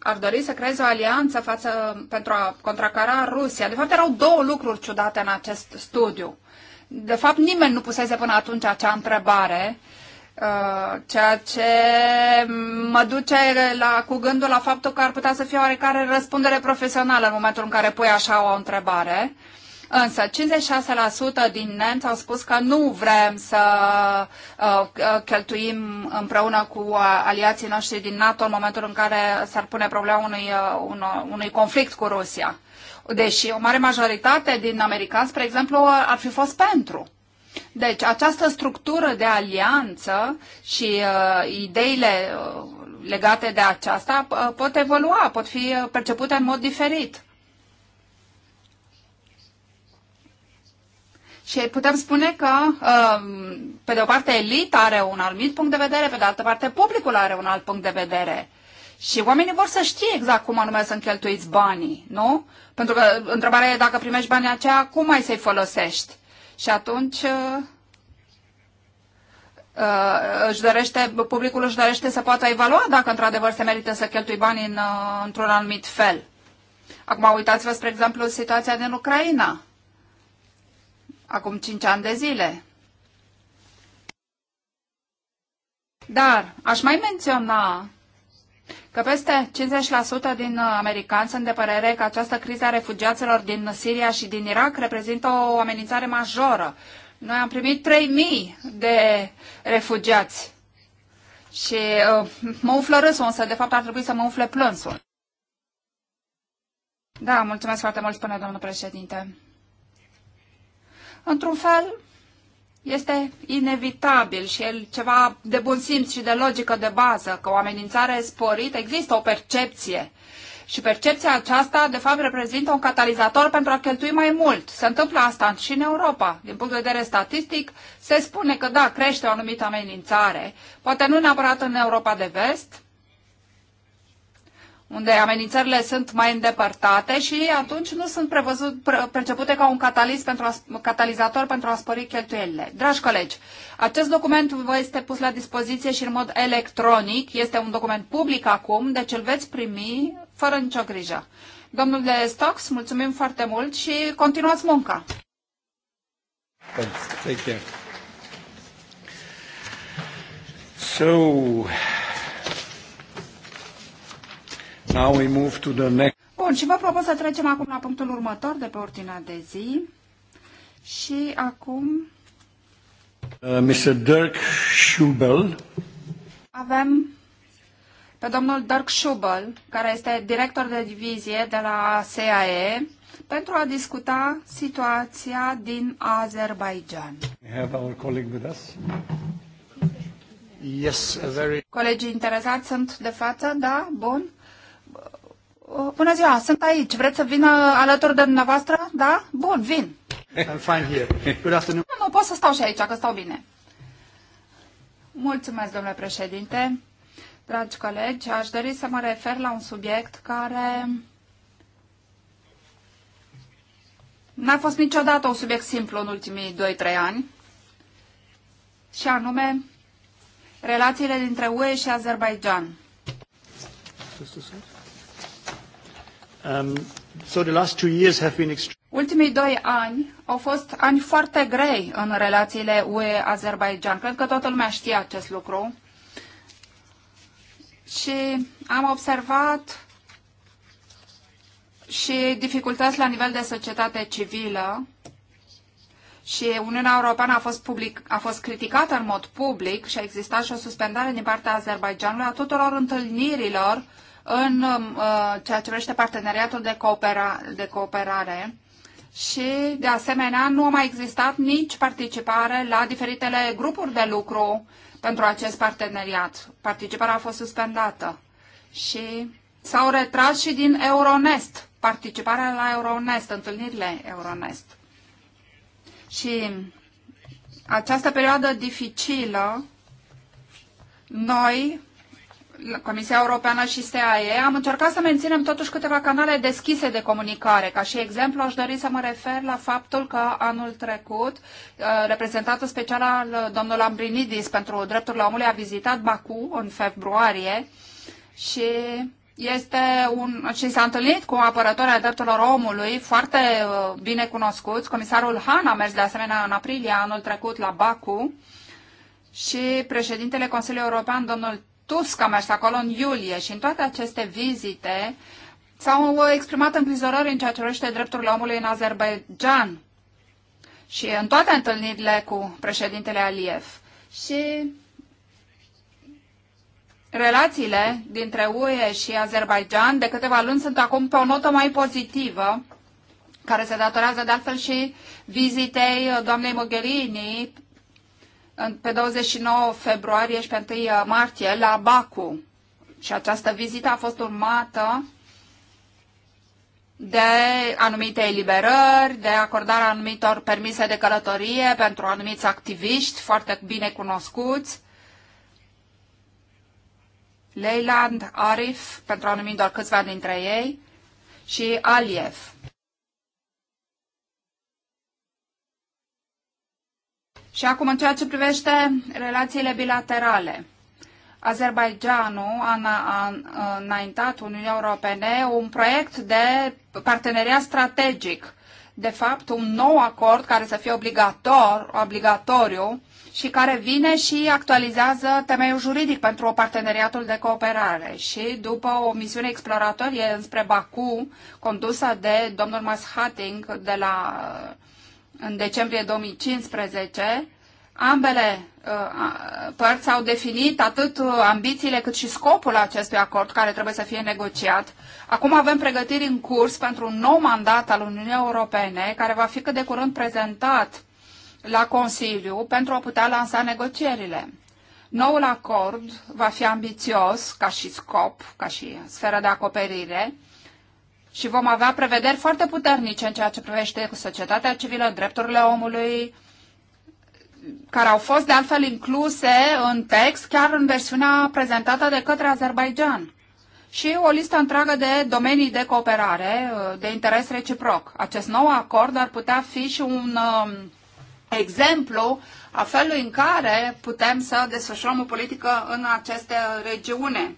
ar dori să creeze o alianță față, pentru a contracara Rusia. De fapt, erau două lucruri ciudate în acest studiu. De fapt, nimeni nu pusese până atunci acea întrebare. Uh, Uh, ceea ce mă duce la, cu gândul la faptul că ar putea să fie oarecare răspundere profesională în momentul în care pui așa o întrebare. Însă 56% din nemți au spus că nu vrem să uh, cheltuim împreună cu uh, aliații noștri din NATO în momentul în care s-ar pune problema unui, uh, uh, unui conflict cu Rusia. Deși o mare majoritate din americani, spre exemplu, ar fi fost pentru. Deci, această structură de alianță și uh, ideile uh, legate de aceasta uh, pot evolua, pot fi uh, percepute în mod diferit. Și putem spune că, uh, pe de o parte, elita are un anumit punct de vedere, pe de altă parte, publicul are un alt punct de vedere. Și oamenii vor să știe exact cum anume să încheltuiți banii, nu? Pentru că întrebarea e dacă primești banii aceia, cum mai să-i folosești? Și atunci uh, uh, își dorește, publicul își dorește să poată evalua dacă într-adevăr se merită să cheltui bani în, uh, într-un anumit fel. Acum uitați-vă, spre exemplu, situația din Ucraina. Acum 5 ani de zile. Dar aș mai menționa că peste 50% din uh, americani sunt de părere că această criză a refugiaților din Siria și din Irak reprezintă o amenințare majoră. Noi am primit 3.000 de refugiați și uh, mă umflă râsul, însă de fapt ar trebui să mă umfle plânsul. Da, mulțumesc foarte mult, spune domnul președinte. Într-un fel, este inevitabil și el ceva de bun simț și de logică de bază, că o amenințare sporită, există o percepție. Și percepția aceasta, de fapt, reprezintă un catalizator pentru a cheltui mai mult. Se întâmplă asta și în Europa. Din punct de vedere statistic, se spune că da, crește o anumită amenințare, poate nu neapărat în Europa de vest, unde amenințările sunt mai îndepărtate și atunci nu sunt prevăzut, pre, percepute ca un cataliz pentru a, catalizator pentru a spori cheltuielile. Dragi colegi, acest document vă este pus la dispoziție și în mod electronic. Este un document public acum, deci îl veți primi fără nicio grijă. Domnule Stocks, mulțumim foarte mult și continuați munca. Thanks. Take care. So, Now we move to the next. Bun, și vă propun să trecem acum la punctul următor de pe ordinea de zi. Și acum... Uh, Mr. Dirk Schubel. Avem pe domnul Dirk Schubel, care este director de divizie de la SAE, pentru a discuta situația din Azerbaijan. We have our colleague with us. Yes, a very... Colegii interesați sunt de față, da? Bun. Bună ziua, sunt aici. Vreți să vină alături de dumneavoastră? Da? Bun, vin. I'm fine here. Good afternoon. Nu, pot să stau și aici, că stau bine. Mulțumesc, domnule președinte. Dragi colegi, aș dori să mă refer la un subiect care n-a fost niciodată un subiect simplu în ultimii 2-3 ani, și anume relațiile dintre UE și Azerbaijan. Just a Um, Ultimii doi ani au fost ani foarte grei în relațiile ue azerbaidjan Cred că toată lumea știe acest lucru. Și am observat și dificultăți la nivel de societate civilă și Uniunea Europeană a fost, public, a fost criticată în mod public și a existat și o suspendare din partea Azerbaidjanului a tuturor întâlnirilor uh, în um, uh, ceea ce privește parteneriatul de, coopera, de cooperare și, de asemenea, nu a mai existat nici participare la diferitele grupuri de lucru pentru acest parteneriat. Participarea a fost suspendată și s-au retras și din Euronest, participarea la Euronest, întâlnirile Euronest. Și această perioadă dificilă, noi Comisia Europeană și SAE, am încercat să menținem totuși câteva canale deschise de comunicare. Ca și exemplu, aș dori să mă refer la faptul că anul trecut, uh, reprezentantul special al domnului Lambrinidis pentru drepturile omului a vizitat Baku în februarie și este un, și s-a întâlnit cu apărători ai drepturilor omului foarte uh, bine cunoscuți. Comisarul Han a mers de asemenea în aprilie anul trecut la Baku și președintele Consiliului European, domnul Tusk a mers acolo în iulie și în toate aceste vizite s-au exprimat îngrijorări în ceea ce privește drepturile omului în Azerbaijan și în toate întâlnirile cu președintele Aliyev. Și relațiile dintre UE și Azerbaijan de câteva luni sunt acum pe o notă mai pozitivă, care se datorează de altfel și vizitei doamnei Mogherini pe 29 februarie și pe 1 uh, martie la Baku. Și această vizită a fost urmată de anumite eliberări, de acordarea anumitor permise de călătorie pentru anumiți activiști foarte bine cunoscuți. Leyland, Arif, pentru a numi doar câțiva dintre ei, și Aliev. Și acum, în ceea ce privește relațiile bilaterale, Azerbaijanul a, înaintat Uniunii Europene un proiect de parteneriat strategic. De fapt, un nou acord care să fie obligator, obligatoriu și care vine și actualizează temeiul juridic pentru parteneriatul de cooperare. Și după o misiune exploratorie înspre Baku, condusă de domnul Mashating de la în decembrie 2015, ambele uh, părți au definit atât uh, ambițiile cât și scopul acestui acord care trebuie să fie negociat. Acum avem pregătiri în curs pentru un nou mandat al Uniunii Europene care va fi cât de curând prezentat la Consiliu pentru a putea lansa negocierile. Noul acord va fi ambițios ca și scop, ca și sferă de acoperire, și vom avea prevederi foarte puternice în ceea ce privește societatea civilă, drepturile omului, care au fost de altfel incluse în text, chiar în versiunea prezentată de către Azerbaijan. Și o listă întreagă de domenii de cooperare, de interes reciproc. Acest nou acord ar putea fi și un um, exemplu a felului în care putem să desfășurăm o politică în aceste regiune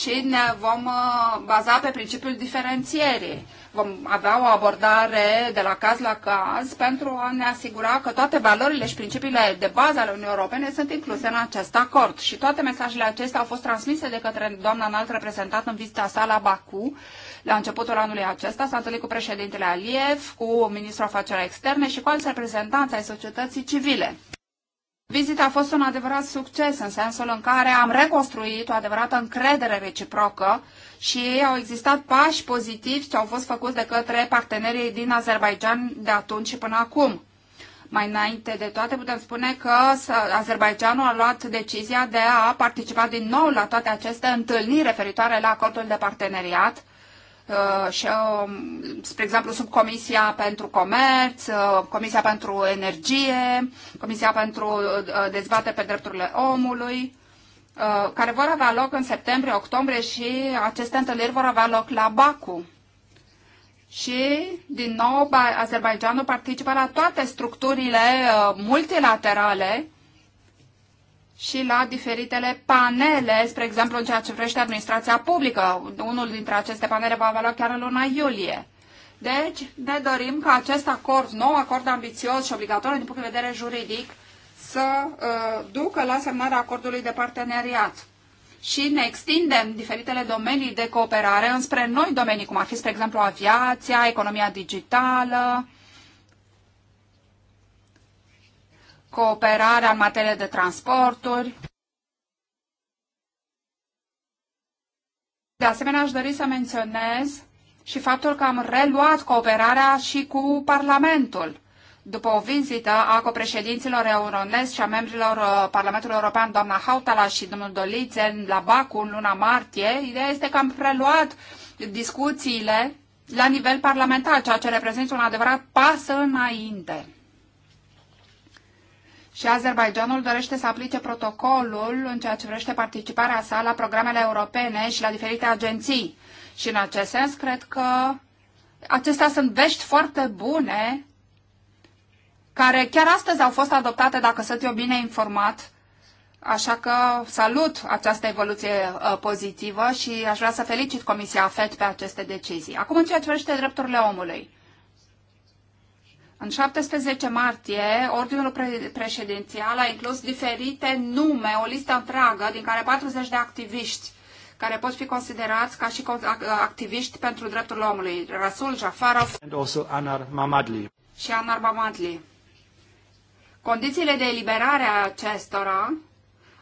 și ne vom uh, baza pe principiul diferențierii. Vom avea o abordare de la caz la caz pentru a ne asigura că toate valorile și principiile de bază ale Uniunii Europene sunt incluse în acest acord. Și toate mesajele acestea au fost transmise de către doamna înalt reprezentat în vizita sa la Baku la începutul anului acesta. S-a întâlnit cu președintele Aliev, cu ministrul afacerilor externe și cu alți reprezentanți ai societății civile. Vizita a fost un adevărat succes în sensul în care am reconstruit o adevărată încredere reciprocă și ei au existat pași pozitivi ce au fost făcuți de către partenerii din Azerbaijan de atunci și până acum. Mai înainte de toate putem spune că Azerbaijanul a luat decizia de a participa din nou la toate aceste întâlniri referitoare la acordul de parteneriat Uh, și, uh, spre exemplu, sub comisia pentru comerț, uh, comisia pentru energie, comisia pentru dezbate pe drepturile omului, care vor avea loc în septembrie, octombrie și aceste întâlniri vor avea loc la Baku. Și, din nou, Azerbaijanul participă la toate structurile multilaterale și la diferitele panele, spre exemplu în ceea ce vrește administrația publică. Unul dintre aceste panele va avea loc chiar în luna iulie. Deci, ne dorim ca acest acord nou, acord ambițios și obligatoriu din punct de vedere juridic, să uh, ducă la semnarea acordului de parteneriat. Și ne extindem diferitele domenii de cooperare înspre noi domenii, cum ar fi, spre exemplu, aviația, economia digitală, uh, cooperarea în materie de transporturi. De asemenea, aș dori să menționez și faptul că am reluat cooperarea și cu Parlamentul după o vizită a copreședinților Euronest și a membrilor uh, Parlamentului European, doamna Hautala și domnul Dolițen, la Bacu în luna martie, ideea este că am preluat discuțiile la nivel parlamentar, ceea ce reprezintă un adevărat pas înainte și Azerbaijanul dorește să aplice protocolul în ceea ce vrește participarea sa la programele europene și la diferite agenții. Și în acest sens, cred că acestea sunt vești foarte bune, care chiar astăzi au fost adoptate, dacă sunt eu bine informat. Așa că salut această evoluție ă, pozitivă și aș vrea să felicit Comisia FED pe aceste decizii. Acum, în ceea ce vrește drepturile omului. În 17 martie, Ordinul pre- Președințial a inclus diferite nume, o listă întreagă, din care 40 de activiști care pot fi considerați ca și activiști pentru dreptul omului. Rasul Jafarov And also Anar Mamadli. și Anar Mamadli. Condițiile de eliberare a acestora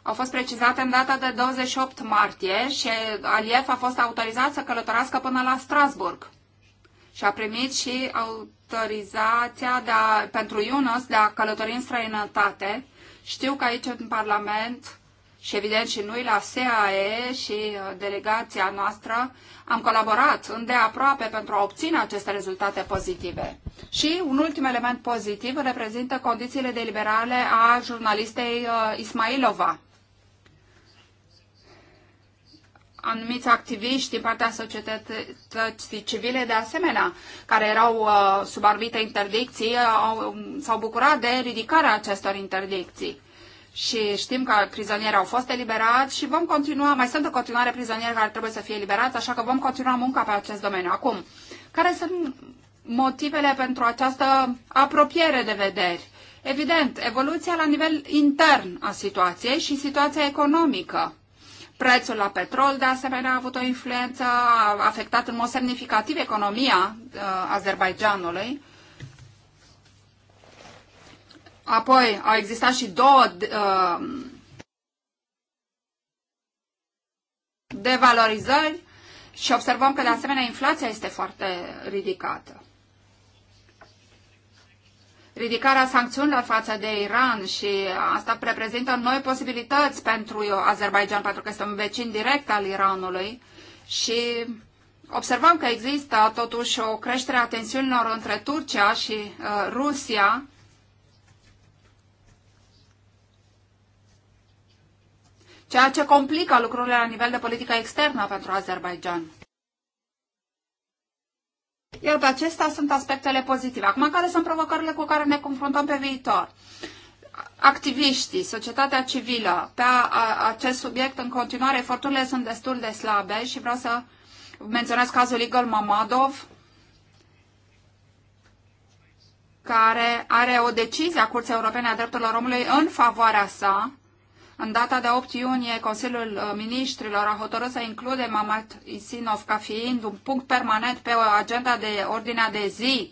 au fost precizate în data de 28 martie și Aliev a fost autorizat să călătorească până la Strasburg și a primit și autorizația de a, pentru Yunus de a călători în străinătate. Știu că aici în Parlament și evident și noi la SAE și uh, delegația noastră am colaborat îndeaproape pentru a obține aceste rezultate pozitive. Și un ultim element pozitiv reprezintă condițiile deliberale a jurnalistei uh, Ismailova anumiți activiști din partea societății civile de asemenea, care erau uh, sub arbite interdicții, uh, s-au bucurat de ridicarea acestor interdicții. Și știm că prizonierii au fost eliberați și vom continua, mai sunt în continuare prizonieri care trebuie să fie eliberați, așa că vom continua munca pe acest domeniu. Acum, care sunt motivele pentru această apropiere de vederi? Evident, evoluția la nivel intern a situației și situația economică Prețul la petrol, de asemenea, a avut o influență, a afectat în mod semnificativ economia uh, Azerbaijanului. Apoi au existat și două uh, devalorizări și observăm că, de asemenea, inflația este foarte ridicată ridicarea sancțiunilor față de Iran și asta reprezintă noi posibilități pentru Azerbaijan, pentru că este un vecin direct al Iranului și observăm că există totuși o creștere a tensiunilor între Turcia și uh, Rusia. ceea ce complică lucrurile la nivel de politică externă pentru Azerbaijan. Iată, acestea sunt aspectele pozitive. Acum, care sunt provocările cu care ne confruntăm pe viitor? Activiștii, societatea civilă, pe acest subiect, în continuare, eforturile sunt destul de slabe și vreau să menționez cazul Igor Mamadov, care are o decizie a Curții Europene a Drepturilor Omului în favoarea sa, în data de 8 iunie, Consiliul uh, Ministrilor a hotărât să include Mamat Isinov ca fiind un punct permanent pe agenda de ordinea de zi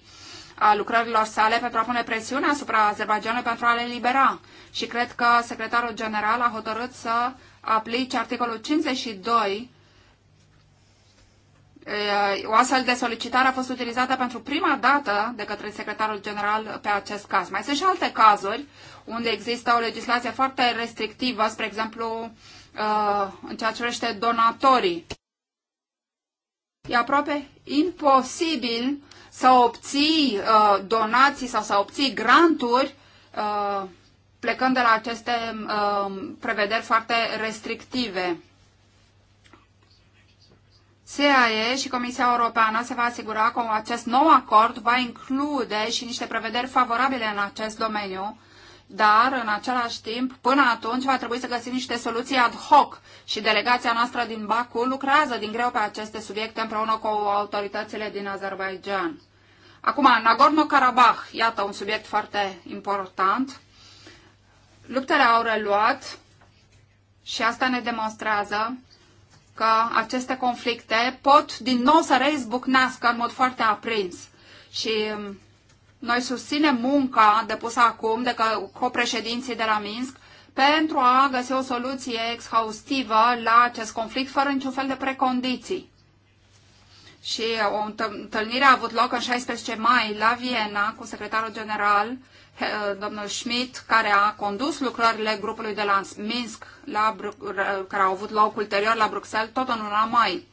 a lucrărilor sale pentru a pune presiune asupra Azerbaijanului pentru a le libera. Și cred că secretarul general a hotărât să aplice articolul 52 o astfel de solicitare a fost utilizată pentru prima dată de către secretarul general pe acest caz. Mai sunt și alte cazuri unde există o legislație foarte restrictivă, spre exemplu în ceea ce privește donatorii. E aproape imposibil să obții donații sau să obții granturi plecând de la aceste prevederi foarte restrictive. CAE și Comisia Europeană se va asigura că acest nou acord va include și niște prevederi favorabile în acest domeniu, dar în același timp, până atunci, va trebui să găsim niște soluții ad hoc și delegația noastră din Baku lucrează din greu pe aceste subiecte împreună cu autoritățile din Azerbaijan. Acum, Nagorno-Karabakh, iată un subiect foarte important. Luptele au reluat și asta ne demonstrează că aceste conflicte pot din nou să reizbucnească în mod foarte aprins. Și um, noi susținem munca depusă acum de copreședinții de la Minsk pentru a găsi o soluție exhaustivă la acest conflict fără niciun fel de precondiții. Și o întâlnire a avut loc în 16 mai la Viena cu secretarul general domnul Schmidt, care a condus lucrările grupului de la Minsk, la, care au avut loc ulterior la Bruxelles, tot în luna mai.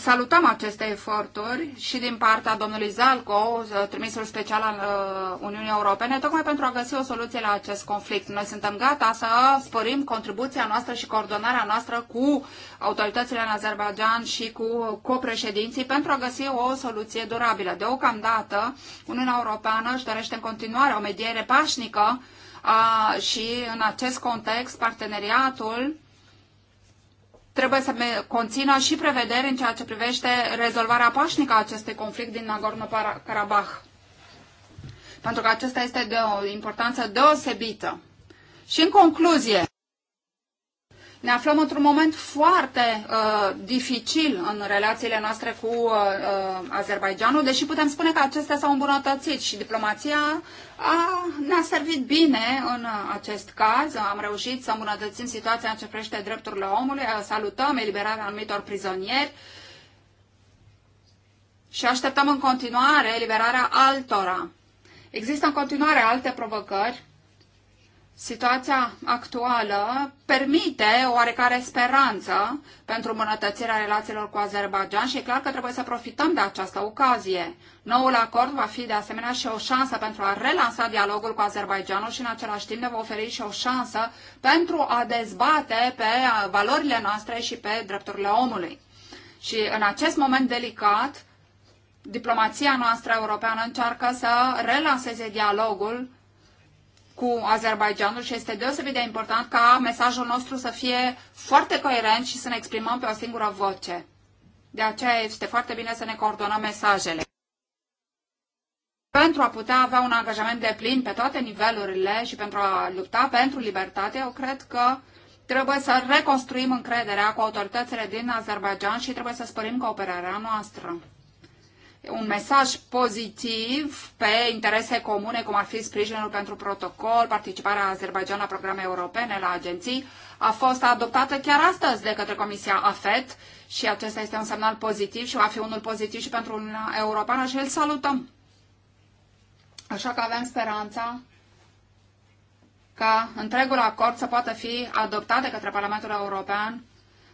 Salutăm aceste eforturi și din partea domnului Zalco, uh, trimisul special al uh, Uniunii Europene, tocmai pentru a găsi o soluție la acest conflict. Noi suntem gata să sporim contribuția noastră și coordonarea noastră cu autoritățile în Azerbaijan și cu copreședinții pentru a găsi o soluție durabilă. Deocamdată, Uniunea Europeană își dorește în continuare o mediere pașnică a, uh, și în acest context parteneriatul trebuie să conțină și prevederi în ceea ce privește rezolvarea pașnică a acestui conflict din Nagorno-Karabakh. Pentru că acesta este de o importanță deosebită. Și în concluzie, ne aflăm într-un moment foarte uh, dificil în relațiile noastre cu uh, uh, Azerbaijanul, deși putem spune că acestea s-au îmbunătățit și diplomația a, ne-a servit bine în acest caz. Am reușit să îmbunătățim situația în ce privește drepturile omului, uh, salutăm eliberarea anumitor prizonieri și așteptăm în continuare eliberarea altora. Există în continuare alte provocări situația actuală permite oarecare speranță pentru îmbunătățirea relațiilor cu Azerbaijan și e clar că trebuie să profităm de această ocazie. Noul acord va fi de asemenea și o șansă pentru a relansa dialogul cu Azerbaijanul și în același timp ne va oferi și o șansă pentru a dezbate pe valorile noastre și pe drepturile omului. Și în acest moment delicat, diplomația noastră europeană încearcă să relanseze dialogul cu Azerbaijanul și este deosebit de important ca mesajul nostru să fie foarte coerent și să ne exprimăm pe o singură voce. De aceea este foarte bine să ne coordonăm mesajele. Pentru a putea avea un angajament de plin pe toate nivelurile și pentru a lupta pentru libertate, eu cred că trebuie să reconstruim încrederea cu autoritățile din Azerbaijan și trebuie să spărim cooperarea noastră un mesaj pozitiv pe interese comune, cum ar fi sprijinul pentru protocol, participarea Azerbaijan la programe europene, la agenții, a fost adoptată chiar astăzi de către Comisia AFET și acesta este un semnal pozitiv și va fi unul pozitiv și pentru Uniunea Europeană și îl salutăm. Așa că avem speranța ca întregul acord să poată fi adoptat de către Parlamentul European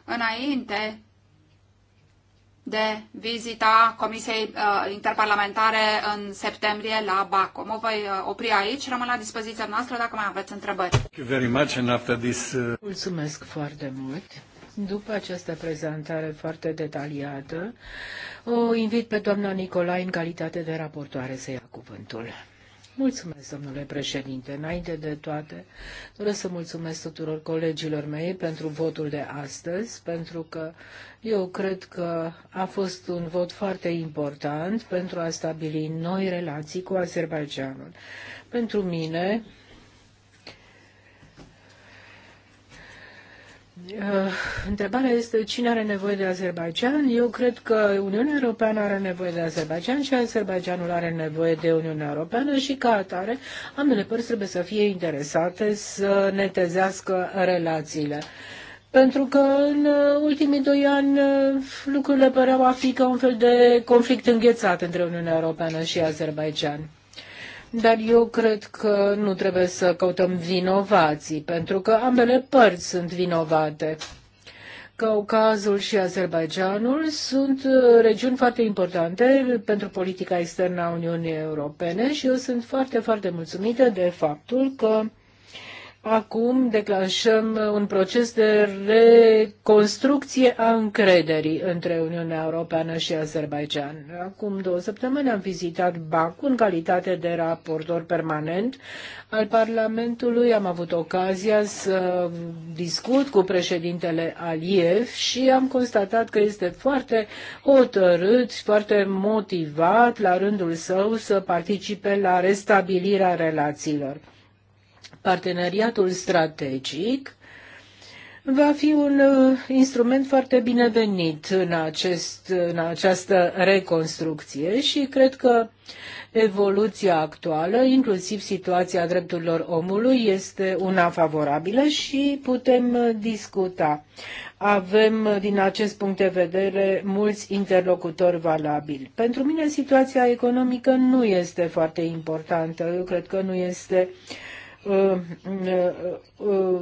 înainte de vizita Comisiei uh, Interparlamentare în septembrie la Baco. Mă voi uh, opri aici, rămân la dispoziția noastră dacă mai aveți întrebări. Thank you very much and after this, uh... Mulțumesc foarte mult. După această prezentare foarte detaliată, o invit pe doamna Nicolai în calitate de raportoare să ia cuvântul. Mulțumesc, domnule președinte. Înainte de toate, doresc să mulțumesc tuturor colegilor mei pentru votul de astăzi, pentru că eu cred că a fost un vot foarte important pentru a stabili noi relații cu Azerbaijanul. Pentru mine, Eh, întrebarea este cine are nevoie de Azerbaijan. Eu cred că Uniunea Europeană are nevoie de Azerbaijan și Azerbaijanul are nevoie de Uniunea Europeană și ca atare ambele părți trebuie să fie interesate să netezească relațiile. Pentru că în ultimii doi ani eh, lucrurile păreau a fi ca un fel de conflict înghețat între Uniunea Europeană și Azerbaijan dar eu cred că nu trebuie să căutăm vinovații, pentru că ambele părți sunt vinovate. Caucazul și Azerbaijanul sunt uh, regiuni foarte importante pentru politica externă a Uniunii Europene și eu sunt foarte, foarte mulțumită de faptul că Acum declanșăm un proces de reconstrucție a încrederii între Uniunea Europeană și Azerbaijan. Acum două săptămâni am vizitat Baku în calitate de raportor permanent al Parlamentului. Am avut ocazia să discut cu președintele Aliev și am constatat că este foarte hotărât, foarte motivat la rândul său să participe la restabilirea relațiilor parteneriatul strategic va fi un uh, instrument foarte binevenit în, acest, în această reconstrucție și cred că evoluția actuală, inclusiv situația drepturilor omului, este una favorabilă și putem uh, discuta. Avem, uh, din acest punct de vedere, mulți interlocutori valabili. Pentru mine, situația economică nu este foarte importantă. Eu cred că nu este uh, Uh, uh, uh,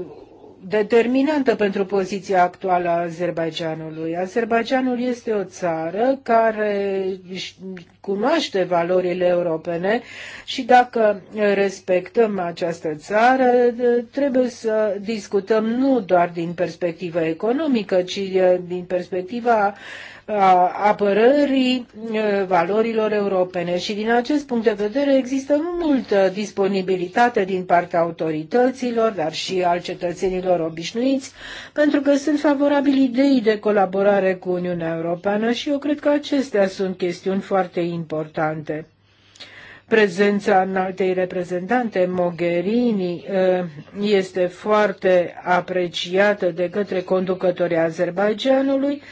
determinantă pentru poziția actuală a Azerbaijanului. Azerbaijanul este o țară care cunoaște valorile europene și dacă respectăm această țară, trebuie să discutăm nu doar din perspectiva economică, ci din perspectiva apărării valorilor europene. Și din acest punct de vedere există multă disponibilitate din partea autorităților, dar și al cetățenilor obișnuiți, pentru că sunt favorabili idei de colaborare cu Uniunea Europeană și eu cred că acestea sunt chestiuni foarte importante prezența înaltei reprezentante Mogherini este foarte apreciată de către conducătorii Azerbaijanului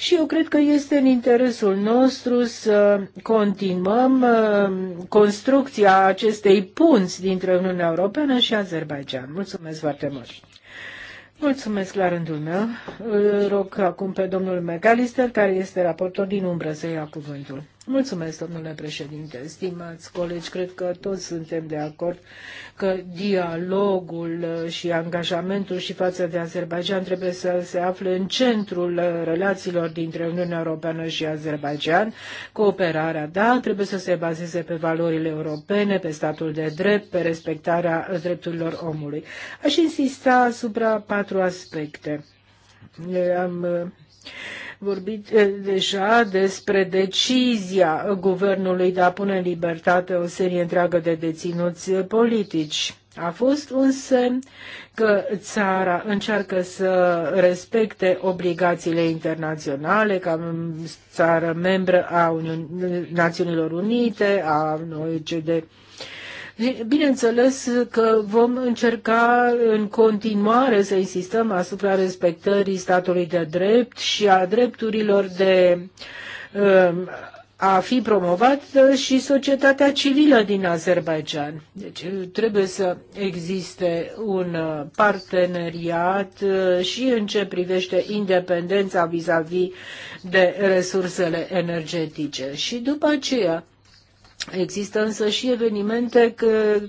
și eu cred că este în interesul nostru să continuăm uh, construcția acestei punți dintre Uniunea Europeană și Azerbaijan. Mulțumesc foarte mult! Mulțumesc la rândul meu. Îl rog acum pe domnul McAllister, care este raportor din umbră, să ia cuvântul. Mulțumesc, domnule președinte. Stimați colegi, cred că toți suntem de acord că dialogul uh, și angajamentul și față de Azerbaijan trebuie să se afle în centrul uh, relațiilor dintre Uniunea Europeană și Azerbaijan. Cooperarea, da, trebuie să se bazeze pe valorile europene, pe statul de drept, pe respectarea uh, drepturilor omului. Aș insista asupra patru aspecte. Am vorbit eh, deja despre decizia guvernului de a pune în libertate o serie întreagă de deținuți politici. A fost un semn că țara încearcă să respecte obligațiile internaționale ca țară membră a Uniunii Națiunilor Unite, a OECD. Bineînțeles că vom încerca în continuare să insistăm asupra respectării statului de drept și a drepturilor de um, a fi promovat și societatea civilă din Azerbaijan. Deci trebuie să existe un parteneriat uh, și în ce privește independența vis-a-vis -vis de resursele energetice. Și după aceea Există însă și evenimente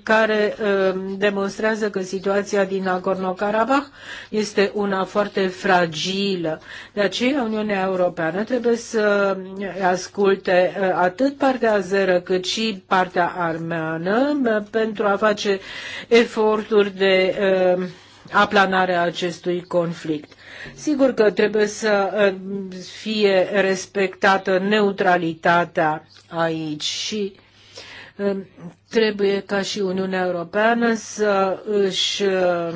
care uh, demonstrează că situația din Nagorno-Karabakh este una foarte fragilă. De aceea Uniunea Europeană trebuie să asculte uh, atât partea azeră cât și partea armeană uh, pentru a face eforturi de aplanare a acestui conflict. Sigur că trebuie să uh, fie respectată neutralitatea aici și uh, trebuie ca și Uniunea Europeană să își uh,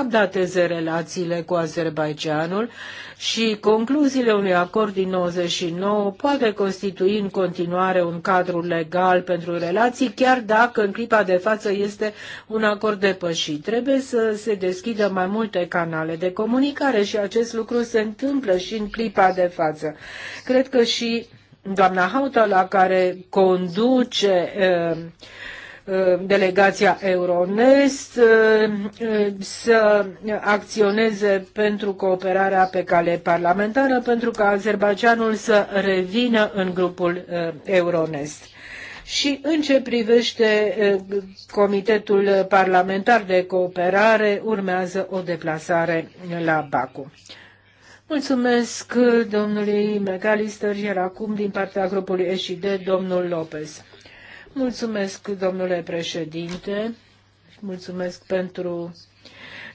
updateze relațiile cu Azerbaijanul și concluziile unui acord din 99 poate constitui în continuare un cadru legal pentru relații, chiar dacă în clipa de față este un acord depășit. Trebuie să se deschidă mai multe canale de comunicare și acest lucru se întâmplă și în clipa de față. Cred că și doamna Hautala, care conduce uh, Uh, delegația Euronest uh, uh, să acționeze pentru cooperarea pe cale parlamentară pentru ca Azerbaijanul să revină în grupul Euronest. Și în ce privește Comitetul Parlamentar de Cooperare, urmează o deplasare la Baku. Mulțumesc domnului McAllister, iar acum din partea grupului SID, domnul Lopez. Mulțumesc, domnule președinte. Mulțumesc pentru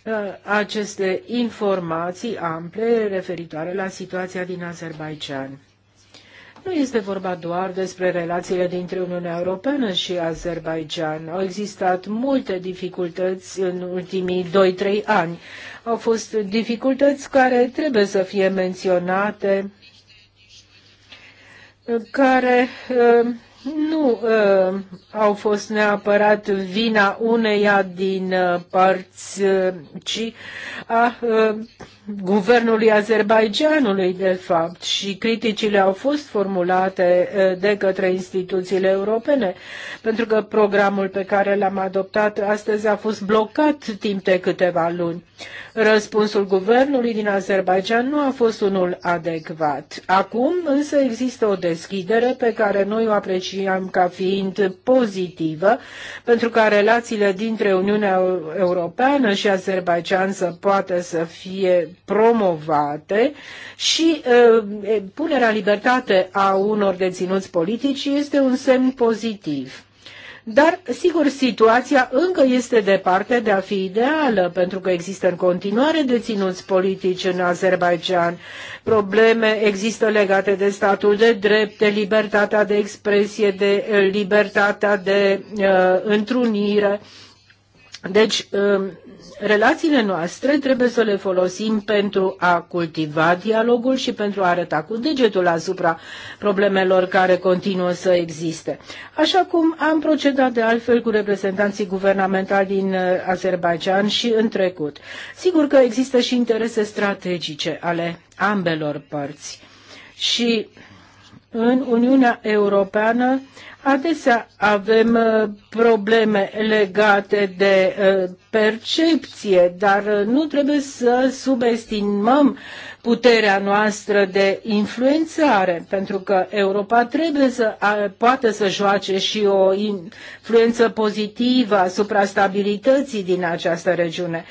uh, aceste informații ample referitoare la situația din Azerbaijan. Nu este vorba doar despre relațiile dintre Uniunea Europeană și Azerbaijan. Au existat multe dificultăți în ultimii 2-3 ani. Au fost dificultăți care trebuie să fie menționate, care uh, nu uh, au fost neapărat vina uneia din uh, părți, uh, ci a uh, guvernului Azerbaidjanului, de fapt, și criticile au fost formulate de către instituțiile europene, pentru că programul pe care l-am adoptat astăzi a fost blocat timp de câteva luni. Răspunsul guvernului din Azerbaidjan nu a fost unul adecvat. Acum însă există o deschidere pe care noi o apreciem ca fiind pozitivă, pentru ca relațiile dintre Uniunea Europeană și Azerbaidjan să poată să fie promovate și punerea în libertate a unor deținuți politici este un semn pozitiv. Dar, sigur, situația încă este departe de a fi ideală, pentru că există în continuare deținuți politici în Azerbaijan. Probleme există legate de statul de drept, de libertatea de expresie, de libertatea de uh, întrunire. Deci, uh, relațiile noastre trebuie să le folosim pentru a cultiva dialogul și pentru a arăta cu degetul asupra problemelor care continuă să existe. Așa cum am procedat de altfel cu reprezentanții guvernamentali din uh, Azerbaijan și în trecut. Sigur că există și interese strategice ale ambelor părți. Și în Uniunea Europeană adesea avem uh, probleme legate de uh, percepție, dar uh, nu trebuie să subestimăm puterea noastră de influențare, pentru că Europa trebuie să poată să joace și o influență pozitivă asupra stabilității din această regiune.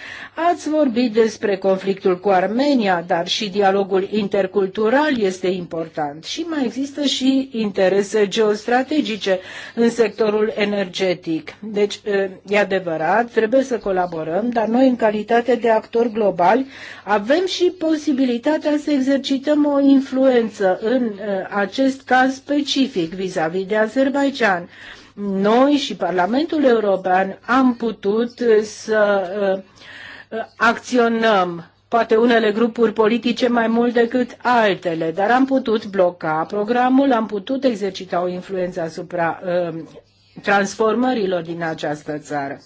Ați vorbit despre conflictul cu Armenia, dar și dialogul intercultural este important și mai există și interese geostrategice în sectorul energetic. Deci, e adevărat, trebuie să colaborăm, dar noi, în calitate de actori globali, avem și posibilitatea posibilitatea să exercităm o influență în uh, acest caz specific vis-a-vis -vis de Azerbaijan. Noi și Parlamentul European am putut uh, să uh, acționăm poate unele grupuri politice mai mult decât altele, dar am putut bloca programul, am putut exercita o influență asupra uh, transformărilor din această țară.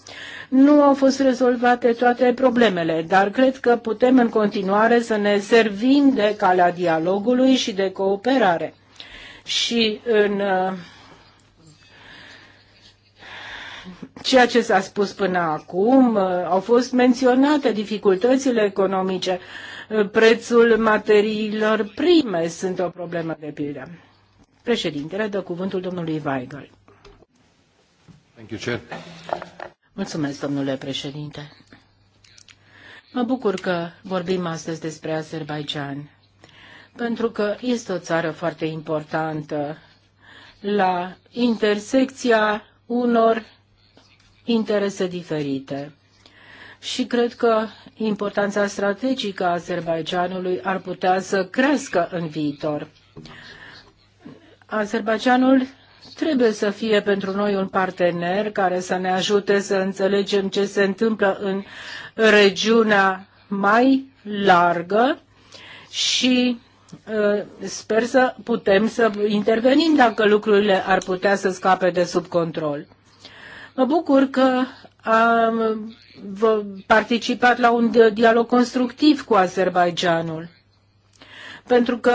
Nu au fost rezolvate toate problemele, dar cred că putem în continuare să ne servim de calea dialogului și de cooperare. Și în uh, ceea ce s-a spus până acum, uh, au fost menționate dificultățile economice, uh, prețul materiilor prime sunt o problemă de pildă. Președintele dă cuvântul domnului Weigel. Mulțumesc, domnule președinte. Mă bucur că vorbim astăzi despre azerbaidjan pentru că este o țară foarte importantă la intersecția unor interese diferite. Și cred că importanța strategică a azerbaidjanului ar putea să crească în viitor. Azerbaidjanul trebuie să fie pentru noi un partener care să ne ajute să înțelegem ce se întâmplă în regiunea mai largă și uh, sper să putem să intervenim dacă lucrurile ar putea să scape de sub control. Mă bucur că am participat la un dialog constructiv cu Azerbaijanul, pentru că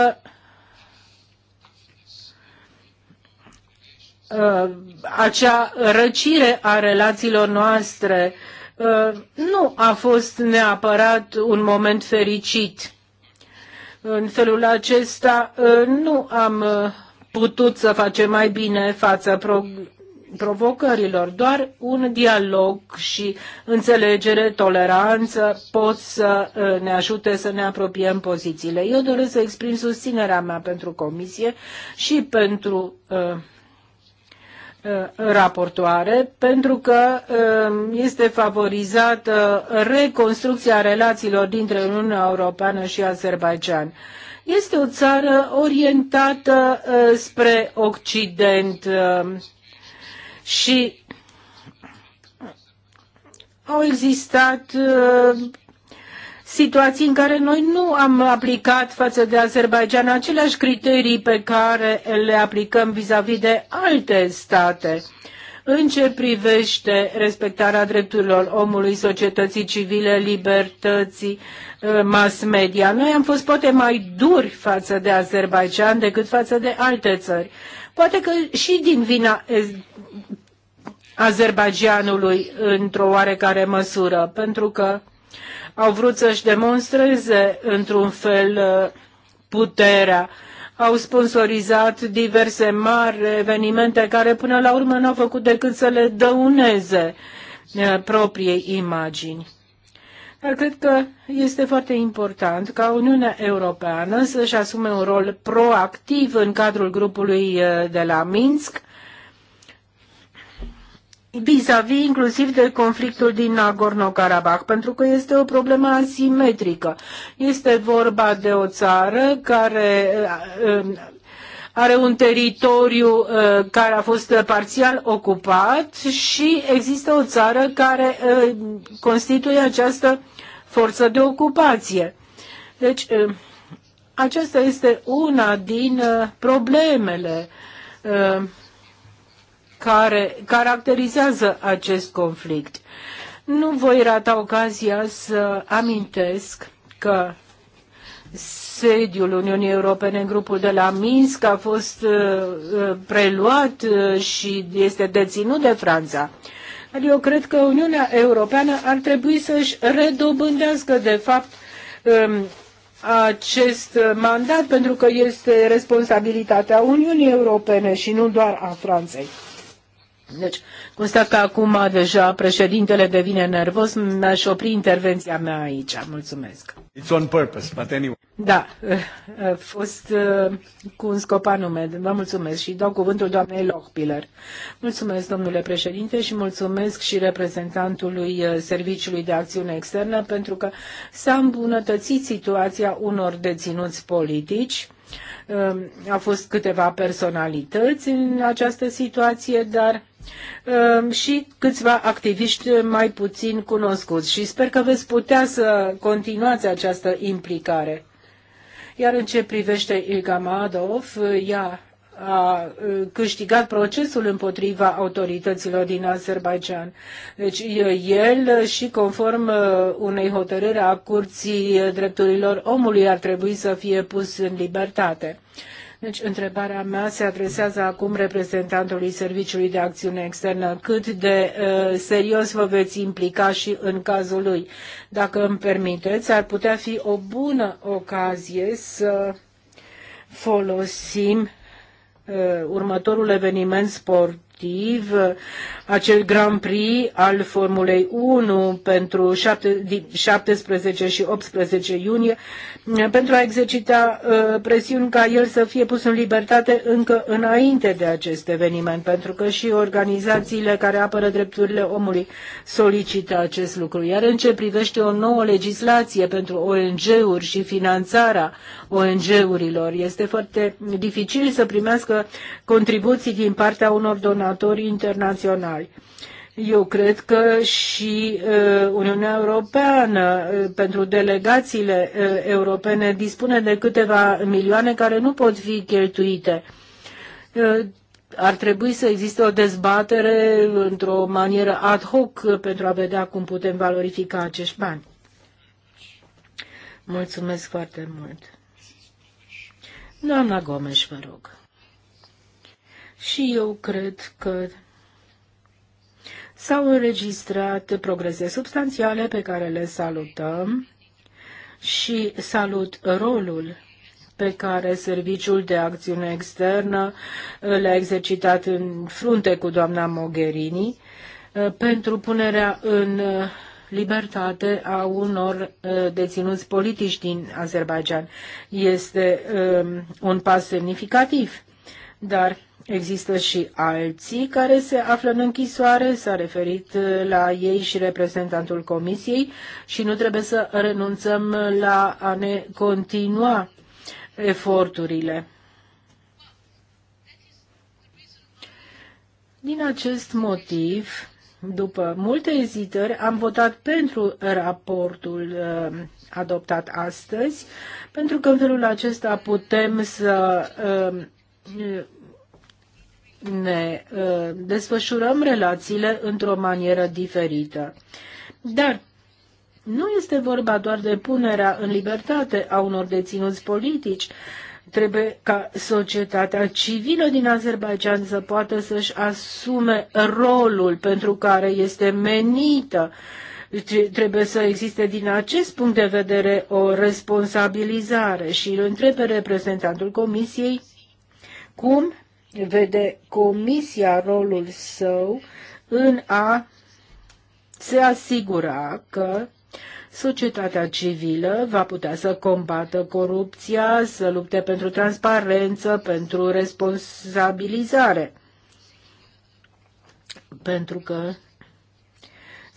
Uh, acea răcire a relațiilor noastre uh, nu a fost neapărat un moment fericit. În felul acesta uh, nu am putut să facem mai bine față pro provocărilor. Doar un dialog și înțelegere, toleranță pot să ne ajute să ne apropiem pozițiile. Eu doresc să exprim susținerea mea pentru comisie și pentru uh, Uh, raportoare pentru că uh, este favorizată reconstrucția relațiilor dintre Uniunea Europeană și Azerbaijan. Este o țară orientată uh, spre Occident și au existat situații în care noi nu am aplicat față de Azerbaijan aceleași criterii pe care le aplicăm vis-a-vis -vis de alte state. În ce privește respectarea drepturilor omului, societății civile, libertății, ă, mass media, noi am fost poate mai duri față de Azerbaijan decât față de alte țări. Poate că și din vina Azerbaijanului într-o oarecare măsură, pentru că au vrut să-și demonstreze într-un fel uh, puterea. Au sponsorizat diverse mari evenimente care până la urmă n-au făcut decât să le dăuneze uh, propriei imagini. Dar cred că este foarte important ca Uniunea Europeană să-și asume un rol proactiv în cadrul grupului uh, de la Minsk vis-a-vis -vis inclusiv de conflictul din Nagorno-Karabakh, pentru că este o problemă asimetrică. Este vorba de o țară care uh, um, are un teritoriu uh, care a fost parțial ocupat și există o țară care uh, constituie această forță de ocupație. Deci, aceasta este una din problemele care caracterizează acest conflict. Nu voi rata ocazia să amintesc că sediul Uniunii Europene în grupul de la Minsk a fost uh, uh preluat uh, și este deținut de Franța. Dar eu cred că Uniunea Europeană ar trebui să-și redobândească, de fapt, um, acest mandat, pentru că este responsabilitatea Uniunii Europene și nu doar a Franței. Deci, constat că acum deja președintele devine nervos, mi-aș opri intervenția mea aici. Mulțumesc. It's on purpose, but anyway. Da, a eh, eh, fost eh, cu un scop anume. Vă mulțumesc și dau cuvântul doamnei Lochpiller. Mulțumesc, domnule președinte, și mulțumesc și reprezentantului Serviciului de Acțiune Externă pentru că s-a îmbunătățit situația unor deținuți politici Ehm, Au fost câteva personalități în această situație, dar ehm, și câțiva activiști mai puțin cunoscuți și sper că veți putea să continuați această implicare. Iar în ce privește Ilga Madov, ea a câștigat procesul împotriva autorităților din Azerbaijan. Deci el și conform unei hotărâri a Curții Drepturilor Omului ar trebui să fie pus în libertate. Deci, întrebarea mea se adresează acum reprezentantului Serviciului de Acțiune Externă. Cât de uh, serios vă veți implica și în cazul lui? Dacă îmi permiteți, ar putea fi o bună ocazie să folosim următorul eveniment sportiv acel Grand Prix al Formulei 1 pentru 17 și 18 iunie, pentru a exercita uh, presiuni ca el să fie pus în libertate încă înainte de acest eveniment, pentru că și organizațiile care apără drepturile omului solicită acest lucru. Iar în ce privește o nouă legislație pentru ONG-uri și finanțarea ONG-urilor, este foarte dificil să primească contribuții din partea unor donatori internaționali mari. Eu cred că și Uniunea Europeană pentru delegațiile europene dispune de câteva milioane care nu pot fi cheltuite. Ar trebui să existe o dezbatere într-o manieră ad hoc pentru a vedea cum putem valorifica acești bani. Mulțumesc foarte mult. Doamna Gomes, vă rog. Și eu cred că S-au înregistrat progrese substanțiale pe care le salutăm și salut rolul pe care Serviciul de Acțiune Externă le-a exercitat în frunte cu doamna Mogherini uh, pentru punerea în uh, libertate a unor uh, deținuți politici din Azerbaijan. Este um, un pas semnificativ, dar Există și alții care se află în închisoare, s-a referit uh, la ei și reprezentantul comisiei și nu trebuie să renunțăm la a ne continua eforturile. Din acest motiv, după multe ezitări, am votat pentru raportul uh, adoptat astăzi, pentru că în felul acesta putem să uh, ne ă, desfășurăm relațiile într-o manieră diferită. Dar nu este vorba doar de punerea în libertate a unor deținuți politici. Trebuie ca societatea civilă din Azerbaijan să poată să-și asume rolul pentru care este menită. Trebuie să existe din acest punct de vedere o responsabilizare și îl întrebe reprezentantul Comisiei cum vede Comisia rolul său în a se asigura că societatea civilă va putea să combată corupția, să lupte pentru transparență, pentru responsabilizare. Pentru că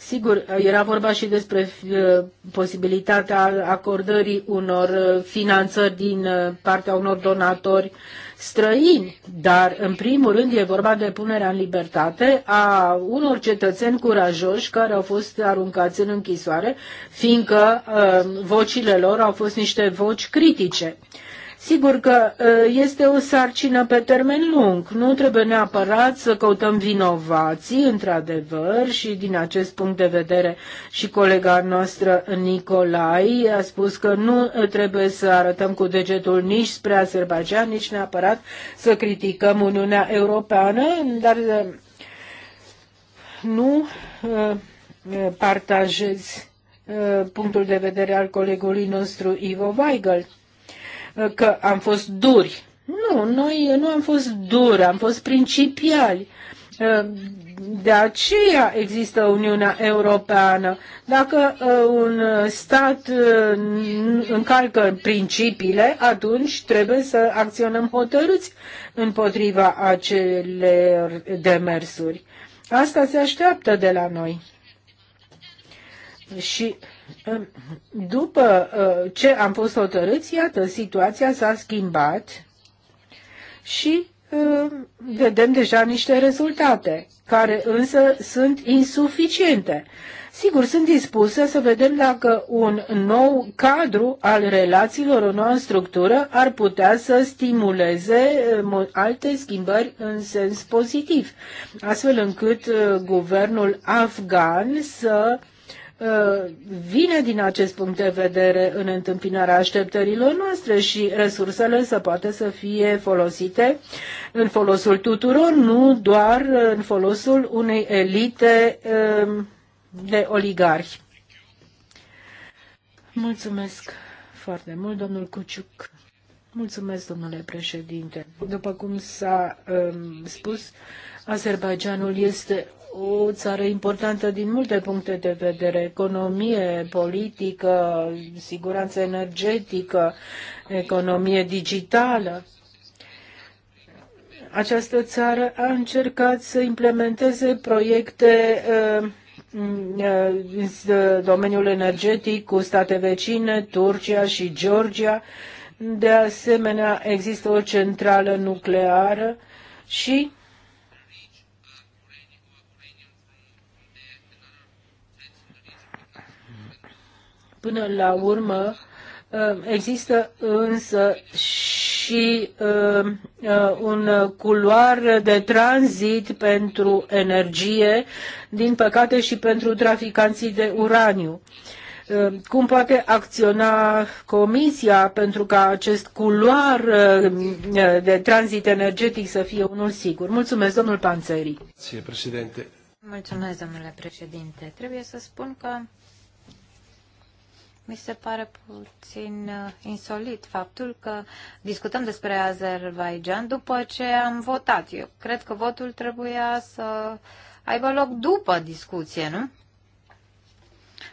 Sigur, era vorba și despre uh, posibilitatea acordării unor uh, finanțări din uh, partea unor donatori străini, dar în primul rând e vorba de punerea în libertate a unor cetățeni curajoși care au fost aruncați în închisoare, fiindcă vocile lor au fost niște voci critice. Sigur că este o sarcină pe termen lung. Nu trebuie neapărat să căutăm vinovații, într-adevăr, și din acest punct de vedere și colega noastră Nicolai a spus că nu trebuie să arătăm cu degetul nici spre Azerbaijan, nici neapărat să criticăm Uniunea Europeană, dar nu partajez punctul de vedere al colegului nostru Ivo Weigel. Uh, că am fost duri. Nu, noi nu am fost duri, am fost principiali. Uh, de aceea există Uniunea Europeană. Dacă uh, un stat încalcă principiile, atunci trebuie să acționăm hotărâți împotriva acelor demersuri. Asta se așteaptă de la noi. Și după uh, ce am fost hotărâți, iată, situația s-a schimbat și uh, vedem deja niște rezultate, care însă sunt insuficiente. Sigur, sunt dispusă să vedem dacă un nou cadru al relațiilor, o nouă structură, ar putea să stimuleze uh, alte schimbări în sens pozitiv, astfel încât guvernul afgan să Uh, vine din acest punct de vedere în întâmpinarea așteptărilor noastre și resursele să poată să fie folosite în folosul tuturor, nu doar în folosul unei elite um, de oligarhi. Mulțumesc foarte mult, domnul Cuciuc. Mulțumesc, domnule președinte. După cum s-a um, spus, Azerbaijanul este o țară importantă din multe puncte de vedere, economie, politică, siguranță energetică, economie digitală. Această țară a încercat să implementeze proiecte uh, uh, în domeniul energetic cu state vecine, Turcia și Georgia. De asemenea, există o centrală nucleară și Până la urmă, uh, există însă și uh, uh, un culoar de tranzit pentru energie, din păcate și pentru traficanții de uraniu cum poate acționa Comisia pentru ca acest culoar de tranzit energetic să fie unul sigur. Mulțumesc, domnul Panțării. Mulțumesc, domnule președinte. Trebuie să spun că mi se pare puțin uh, insolit faptul că discutăm despre Azerbaijan după ce am votat. Eu cred că votul trebuia să aibă loc după discuție, nu?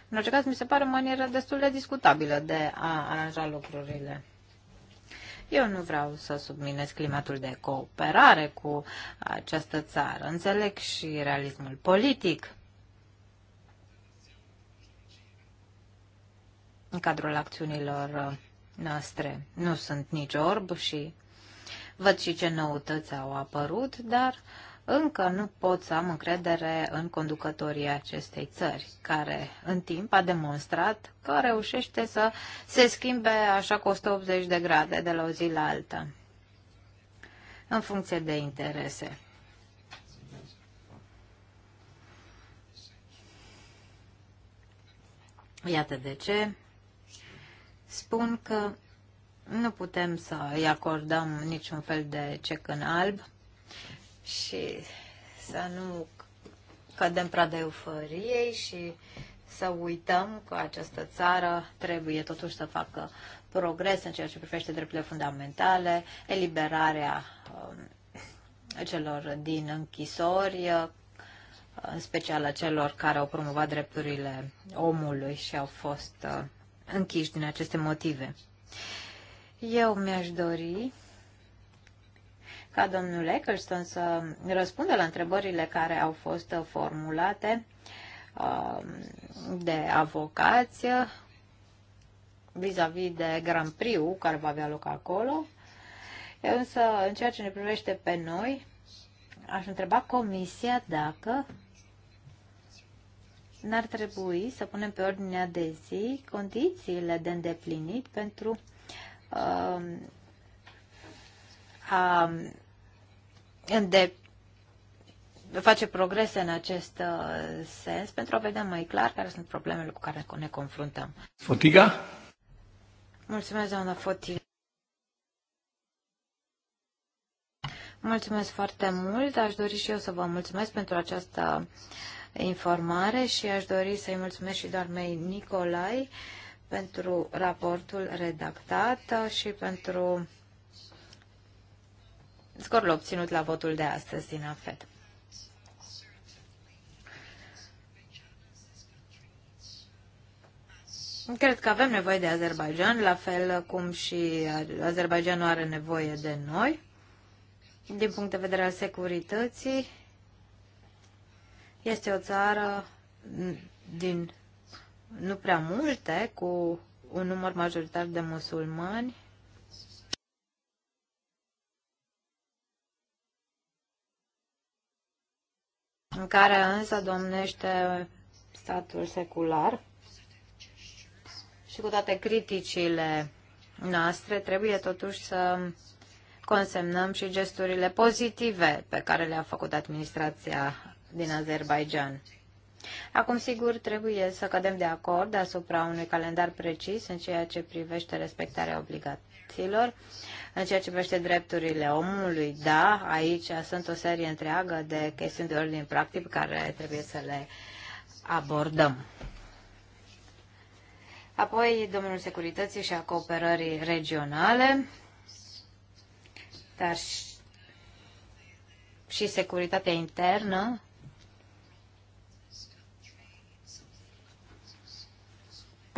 În orice caz, mi se pare o manieră destul de discutabilă de a aranja lucrurile. Eu nu vreau să subminez climatul de cooperare cu această țară. Înțeleg și realismul politic. în cadrul acțiunilor uh, noastre. Nu sunt nici orb și văd și ce noutăți au apărut, dar încă nu pot să am încredere în conducătorii acestei țări, care în timp a demonstrat că reușește să se schimbe așa cu 180 de grade de la o zi la alta, în funcție de interese. Iată de ce spun că nu putem să îi acordăm niciun fel de cec în alb și să nu cădem prada euforiei și să uităm că această țară trebuie totuși să facă progres în ceea ce privește drepturile fundamentale, eliberarea um, celor din închisori, uh, în special a celor care au promovat drepturile omului și au fost uh, închiși din aceste motive. Eu mi-aș dori ca domnul Eccleston să răspundă la întrebările care au fost formulate um, de avocați vis-a-vis -vis de Grand Prix care va avea loc acolo. Eu însă, în ceea ce ne privește pe noi, aș întreba Comisia dacă n-ar trebui să punem pe ordinea de zi condițiile de îndeplinit pentru uh, a îndep face progrese în acest uh, sens pentru a vedea mai clar care sunt problemele cu care ne confruntăm. Fotiga? Mulțumesc, doamna Fotiga. Mulțumesc foarte mult. Aș dori și eu să vă mulțumesc pentru această uh, informare și aș dori să-i mulțumesc și mei Nicolai pentru raportul redactat și pentru scorul obținut la votul de astăzi din AFED. Cred că avem nevoie de Azerbaijan, la fel cum și Azerbaijanul are nevoie de noi. Din punct de vedere al securității, este o țară din nu prea multe, cu un număr majoritar de musulmani. în care însă domnește statul secular și cu toate criticile noastre trebuie totuși să consemnăm și gesturile pozitive pe care le-a făcut administrația din Azerbaijan. Acum, sigur, trebuie să cădem de acord asupra unui calendar precis în ceea ce privește respectarea obligațiilor, în ceea ce privește drepturile omului. Da, aici sunt o serie întreagă de chestiuni de ordin practic pe care trebuie să le abordăm. Apoi, domeniul securității și a cooperării regionale, dar și securitatea internă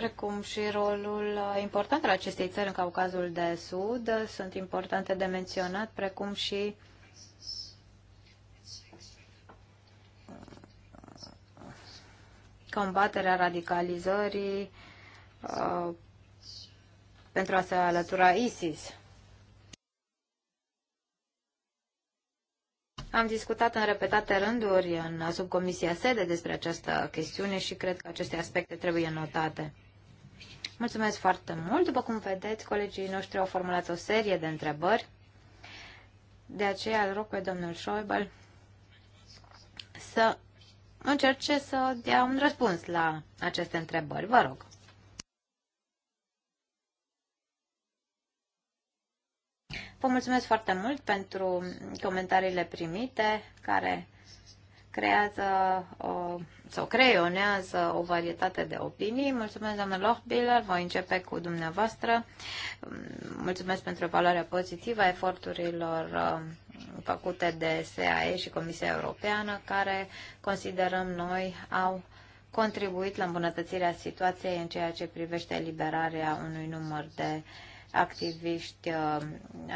precum și rolul uh, important al acestei țări în Caucazul de Sud. Uh, sunt importante de menționat, precum și uh, combaterea radicalizării uh, pentru a se alătura ISIS. Am discutat în repetate rânduri în subcomisia sede despre această chestiune și cred că aceste aspecte trebuie notate. Mulțumesc foarte mult. După cum vedeți, colegii noștri au formulat o serie de întrebări. De aceea îl rog pe domnul Schäuble să încerce să dea un răspuns la aceste întrebări. Vă rog. Vă mulțumesc foarte mult pentru comentariile primite, care creează o, uh, sau creionează o varietate de opinii. Mulțumesc, doamnă Lochbiller, voi începe cu dumneavoastră. Mm, mulțumesc pentru valoarea pozitivă a eforturilor uh, făcute de SAE și Comisia Europeană, care considerăm noi au contribuit la îmbunătățirea situației în ceea ce privește eliberarea unui număr de uh, activiști uh,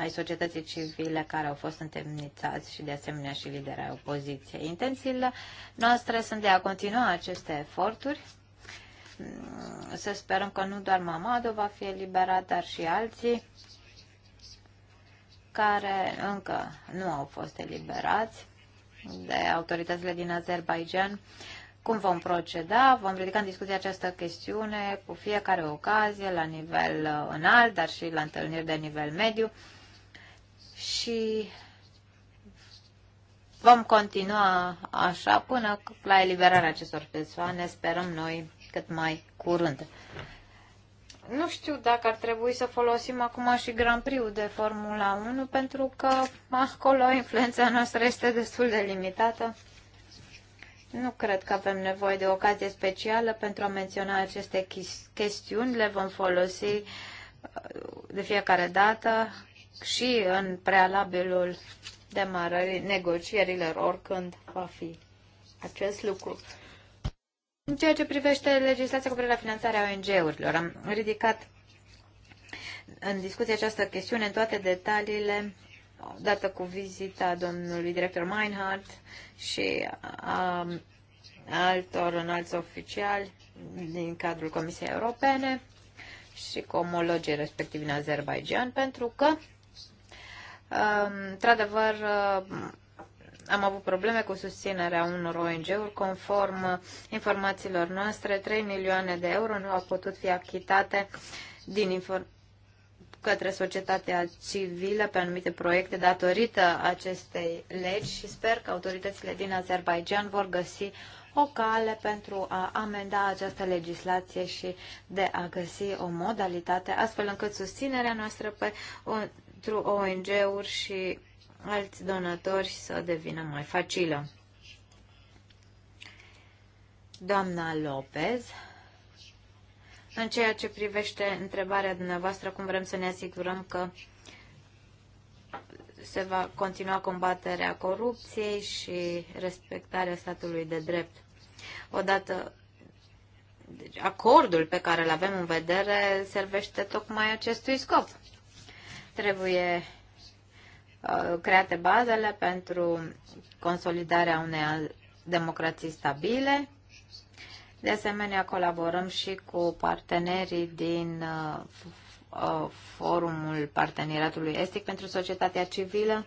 ai societății civile care au fost întemnițați și de asemenea și lideri ai opoziției. Intențiile noastre sunt de a continua aceste eforturi. Mm, să sperăm că nu doar Mamado va fi eliberat, dar și alții care încă nu au fost eliberați de autoritățile din Azerbaijan cum vom proceda. Vom ridica în discuție această chestiune cu fiecare ocazie, la nivel uh, înalt, dar și la întâlniri de nivel mediu. Și vom continua așa până la eliberarea acestor persoane, sperăm noi, cât mai curând. Nu știu dacă ar trebui să folosim acum și Grand Prix-ul de Formula 1, pentru că acolo influența noastră este destul de limitată. Nu cred că avem nevoie de ocazie specială pentru a menționa aceste chestiuni. Le vom folosi uh, de fiecare dată și în prealabilul demarării negocierilor, oricând va fi acest lucru. În ceea ce privește legislația cu privire la finanțarea ONG-urilor, am ridicat în discuție această chestiune în toate detaliile odată cu vizita domnului director Meinhardt și a altor înalți oficiali din cadrul Comisiei Europene și cu omologii respectiv în Azerbaijan, pentru că, um, într-adevăr, uh, am avut probleme cu susținerea unor ONG-uri. Conform informațiilor noastre, 3 milioane de euro nu au putut fi achitate din inform- către societatea civilă pe anumite proiecte datorită acestei legi și sper că autoritățile din Azerbaijan vor găsi o cale pentru a amenda această legislație și de a găsi o modalitate astfel încât susținerea noastră pentru ONG-uri și alți donatori să devină mai facilă. Doamna Lopez în ceea ce privește întrebarea dumneavoastră, cum vrem să ne asigurăm că se va continua combaterea corupției și respectarea statului de drept. Odată, deci acordul pe care îl avem în vedere servește tocmai acestui scop. Trebuie uh, create bazele pentru consolidarea unei democrații stabile de asemenea, colaborăm și cu partenerii din uh, uh, Forumul Parteneriatului Estic pentru Societatea Civilă.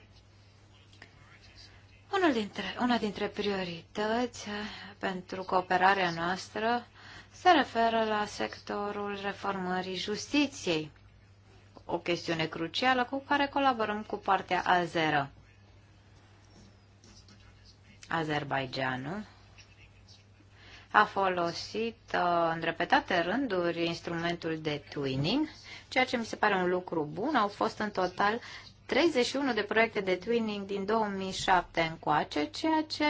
Unul dintre, una dintre priorități uh, pentru cooperarea noastră se referă la sectorul reformării justiției, o chestiune crucială cu care colaborăm cu partea azeră. Azerbaijanul a folosit uh, în repetate rânduri instrumentul de twinning, ceea ce mi se pare un lucru bun. Au fost în total 31 de proiecte de twinning din 2007 încoace, ceea ce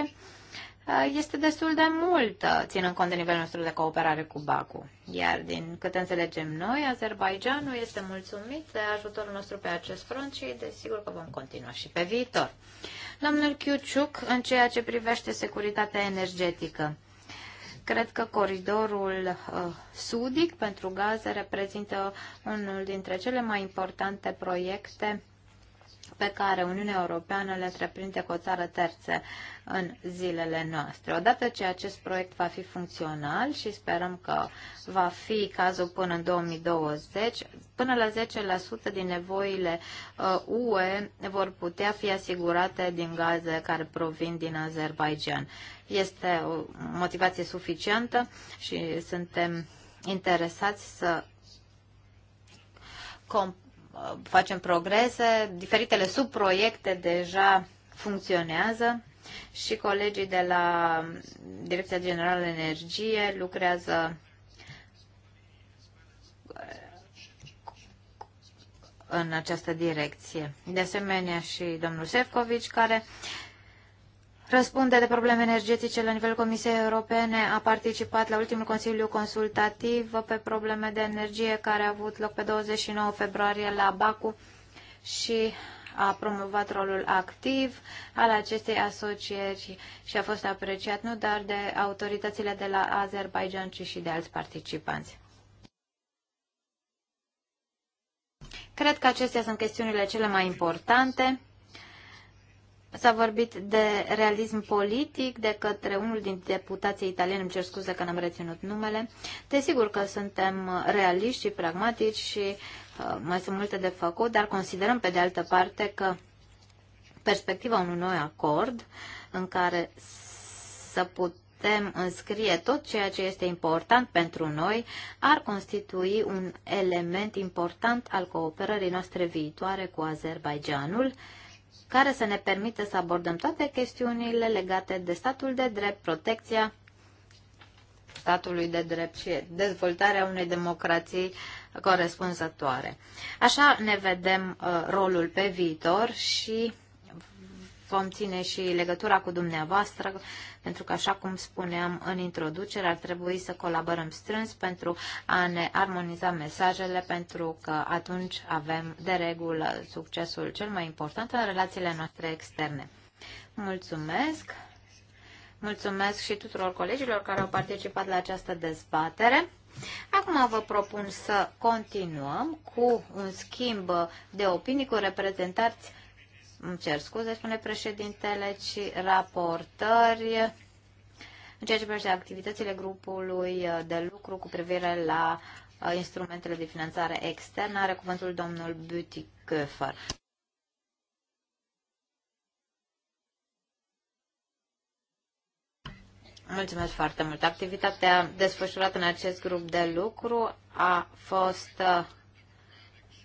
uh, este destul de mult, uh, ținând cont de nivelul nostru de cooperare cu Baku. Iar din câte înțelegem noi, Azerbaijanul este mulțumit de ajutorul nostru pe acest front și desigur că vom continua și pe viitor. Domnul Chiuciuc, în ceea ce privește securitatea energetică, Cred că coridorul uh, sudic pentru gaze reprezintă unul dintre cele mai importante proiecte pe care Uniunea Europeană le întreprinde cu o țară terțe în zilele noastre. Odată ce acest proiect va fi funcțional și sperăm că va fi cazul până în 2020, până la 10% din nevoile UE uh, vor putea fi asigurate din gaze care provin din Azerbaijan. Este o motivație suficientă și suntem interesați să comp- facem progrese. Diferitele subproiecte deja funcționează și colegii de la Direcția Generală Energie lucrează în această direcție. De asemenea și domnul Sefcovici, care uh, răspunde de probleme energetice la nivelul Comisiei Europene, a participat la ultimul Consiliu Consultativ pe probleme de energie care a avut loc pe 29 februarie la Baku și a promovat rolul activ al acestei asocieri și a fost apreciat nu doar de autoritățile de la Azerbaijan, ci și de alți participanți. Cred că acestea sunt chestiunile cele mai importante. S-a vorbit de realism politic de către unul din deputații italieni, îmi cer scuze că n-am reținut numele. Desigur că suntem realiști și pragmatici și uh, mai sunt multe de făcut, dar considerăm pe de altă parte că perspectiva unui nou acord în care să putem înscrie tot ceea ce este important pentru noi ar constitui un element important al cooperării noastre viitoare cu Azerbaijanul care să ne permită să abordăm toate chestiunile legate de statul de drept, protecția statului de drept și dezvoltarea unei democrații corespunzătoare. Așa ne vedem uh, rolul pe viitor și vom ține și legătura cu dumneavoastră, pentru că, așa cum spuneam în introducere, ar trebui să colaborăm strâns pentru a ne armoniza mesajele, pentru că atunci avem, de regulă, succesul cel mai important în relațiile noastre externe. Mulțumesc! Mulțumesc și tuturor colegilor care au participat la această dezbatere. Acum vă propun să continuăm cu un schimb de opinii cu reprezentanți îmi cer scuze, spune președintele, ci raportări în ceea ce privește activitățile grupului de lucru cu privire la uh, instrumentele de finanțare externă, are cuvântul domnul Butiköfer. Mulțumesc foarte mult. Activitatea desfășurată în acest grup de lucru a fost uh,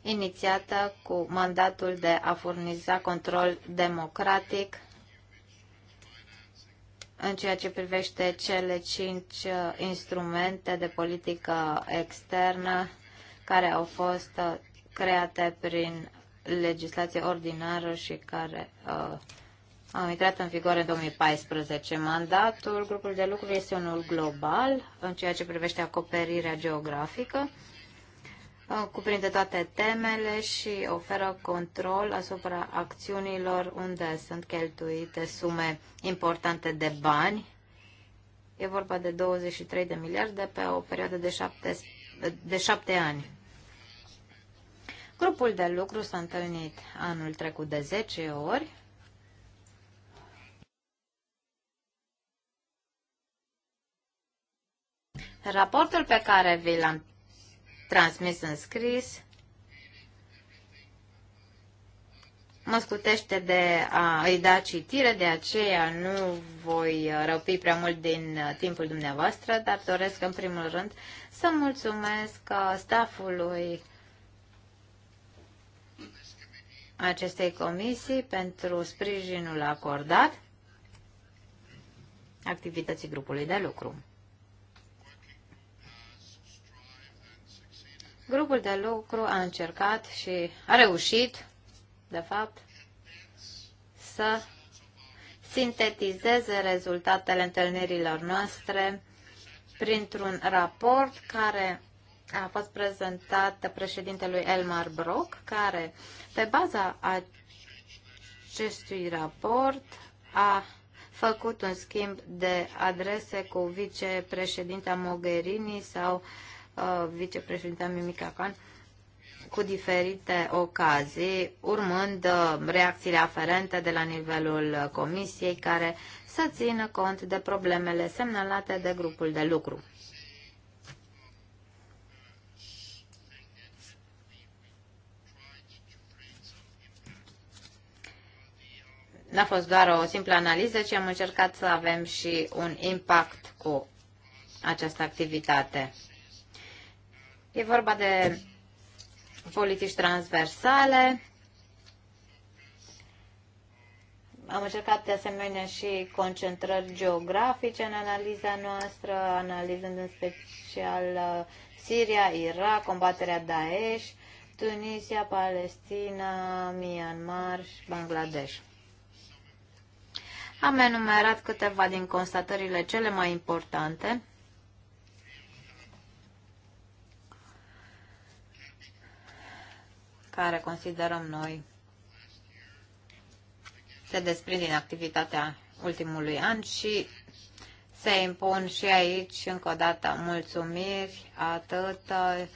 inițiată cu mandatul de a furniza control democratic în ceea ce privește cele cinci uh, instrumente de politică externă care au fost uh, create prin legislație ordinară și care uh, au intrat în vigoare în 2014. Mandatul grupului de lucru este unul global în ceea ce privește acoperirea geografică cuprinde toate temele și oferă control asupra acțiunilor unde sunt cheltuite sume importante de bani. E vorba de 23 de miliarde pe o perioadă de șapte, de șapte ani. Grupul de lucru s-a întâlnit anul trecut de 10 ori. Raportul pe care vi l-am transmis în scris. Mă scutește de a îi da citire, de aceea nu voi răpi prea mult din uh, timpul dumneavoastră, dar doresc în primul rând să mulțumesc uh, staffului acestei comisii pentru sprijinul acordat activității grupului de lucru. Grupul de lucru a încercat și a reușit, de fapt, să sintetizeze rezultatele întâlnirilor noastre printr-un raport care a fost prezentat președintelui Elmar Brock, care, pe baza acestui raport, a făcut un schimb de adrese cu vicepreședinta Mogherini sau uh, Uh, vicepreședintea Mimica Can cu diferite ocazii, urmând uh, reacțiile aferente de la nivelul comisiei care să țină cont de problemele semnalate de grupul de lucru. N-a fost doar o simplă analiză, ci am încercat să avem și un impact cu această activitate. E vorba de politici transversale. Am încercat de asemenea și concentrări geografice în analiza noastră, analizând în special uh, Siria, Irak, combaterea Daesh, Tunisia, Palestina, Myanmar și Bangladesh. Am enumerat câteva din constatările cele mai importante care considerăm noi se desprind din activitatea ultimului an și se impun și aici încă o dată mulțumiri atât uh,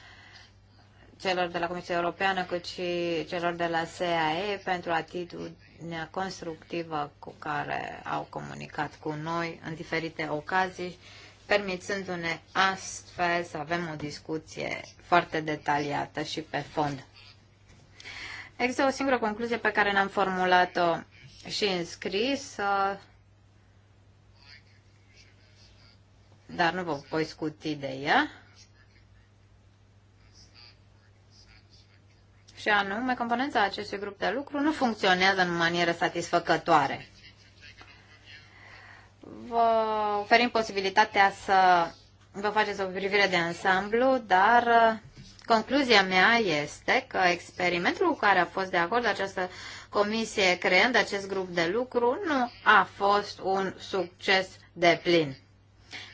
celor de la Comisia Europeană cât și celor de la SAE pentru atitudinea constructivă cu care au comunicat cu noi în diferite ocazii, permițându-ne astfel să avem o discuție foarte detaliată și pe fond. Există o singură concluzie pe care ne am formulat-o și în scris, uh, dar nu vă voi scuti de ea. Și anume, componența acestui grup de lucru nu funcționează în manieră satisfăcătoare. Vă oferim posibilitatea să vă faceți o privire de ansamblu, dar uh, Concluzia mea este că experimentul cu care a fost de acord această comisie creând acest grup de lucru nu a fost un succes de plin.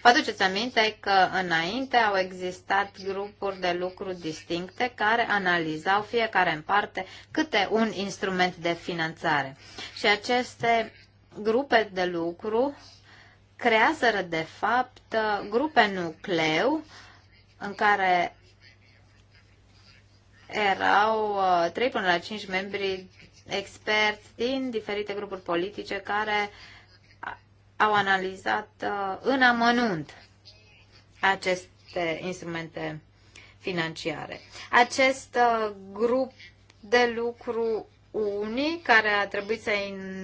Vă aduceți aminte că înainte au existat grupuri de lucru distincte care analizau fiecare în parte câte un instrument de finanțare. Și aceste grupe de lucru creaseră de fapt grupe nucleu în care erau 3 uh, până la 5 membri experți din diferite grupuri politice care au analizat uh, în amănunt aceste instrumente financiare. Acest uh, grup de lucru unii care a trebuit să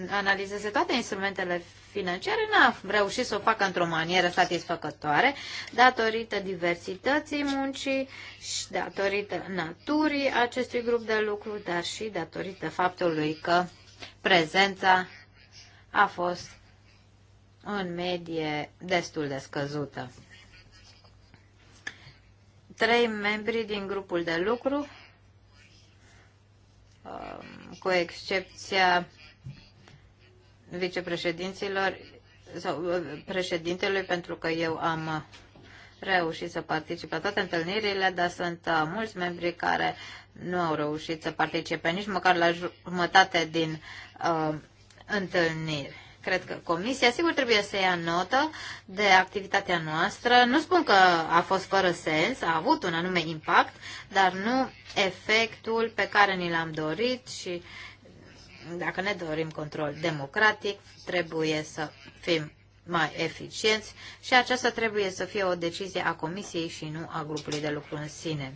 analizeze toate instrumentele financiare n-a reușit să o facă într-o manieră satisfăcătoare datorită diversității muncii și datorită naturii acestui grup de lucru, dar și datorită faptului că prezența a fost în medie destul de scăzută. Trei membri din grupul de lucru, um, cu excepția vicepreședinților sau uh, președintelui pentru că eu am reușit să particip la toate întâlnirile, dar sunt uh, mulți membri care nu au reușit să participe nici măcar la jumătate din uh, întâlniri. Cred că comisia sigur trebuie să ia notă de activitatea noastră. Nu spun că a fost fără sens, a avut un anume impact, dar nu efectul pe care ni l-am dorit și uh, dacă ne dorim control democratic, trebuie să fim mai eficienți și aceasta trebuie să fie o decizie a Comisiei și nu a grupului de lucru în sine.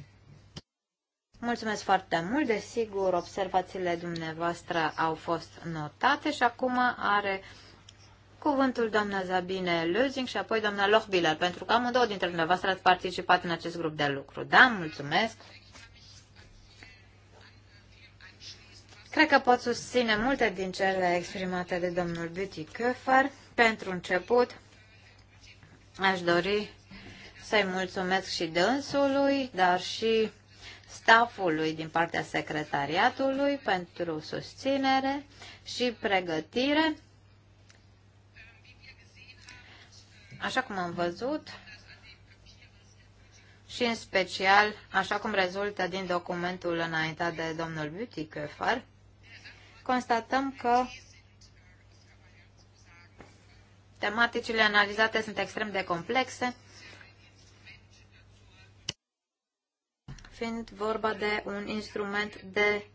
Mulțumesc foarte mult, desigur, observațiile dumneavoastră au fost notate și acum are cuvântul doamna Zabine Lözing și apoi doamna Lochbiller, pentru că amândouă dintre dumneavoastră ați participat în acest grup de lucru. Da, mulțumesc! Cred că pot susține multe din cele exprimate de domnul Beauty Köfer. Pentru început, aș dori să-i mulțumesc și dânsului, dar și staffului din partea secretariatului pentru susținere și pregătire. Așa cum am văzut și în special, așa cum rezultă din documentul înaintat de domnul Beauty Köfer, constatăm că tematicile analizate sunt extrem de complexe, fiind vorba de un instrument de,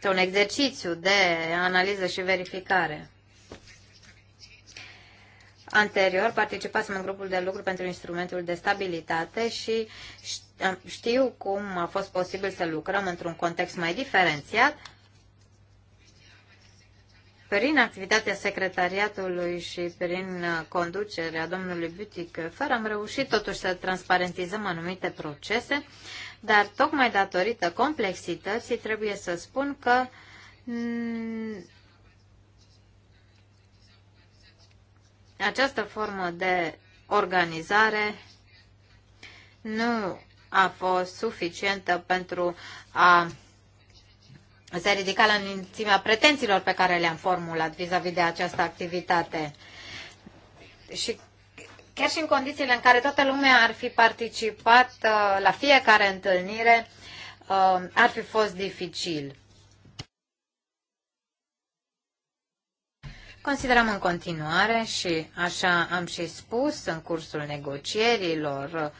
de un exercițiu de analiză și verificare. Anterior participasem în grupul de lucru pentru instrumentul de stabilitate și știu știu cum a fost posibil să lucrăm într-un context mai diferențiat prin activitatea secretariatului și prin conducerea domnului Butic, fără am reușit totuși să transparentizăm anumite procese, dar tocmai datorită complexității trebuie să spun că această formă de organizare nu a fost suficientă pentru a se ridica la înălțimea pretențiilor pe care le-am formulat vis-a-vis -vis de această activitate. Și chiar și în condițiile în care toată lumea ar fi participat uh, la fiecare întâlnire, uh, ar fi fost dificil. Considerăm în continuare și așa am și spus în cursul negocierilor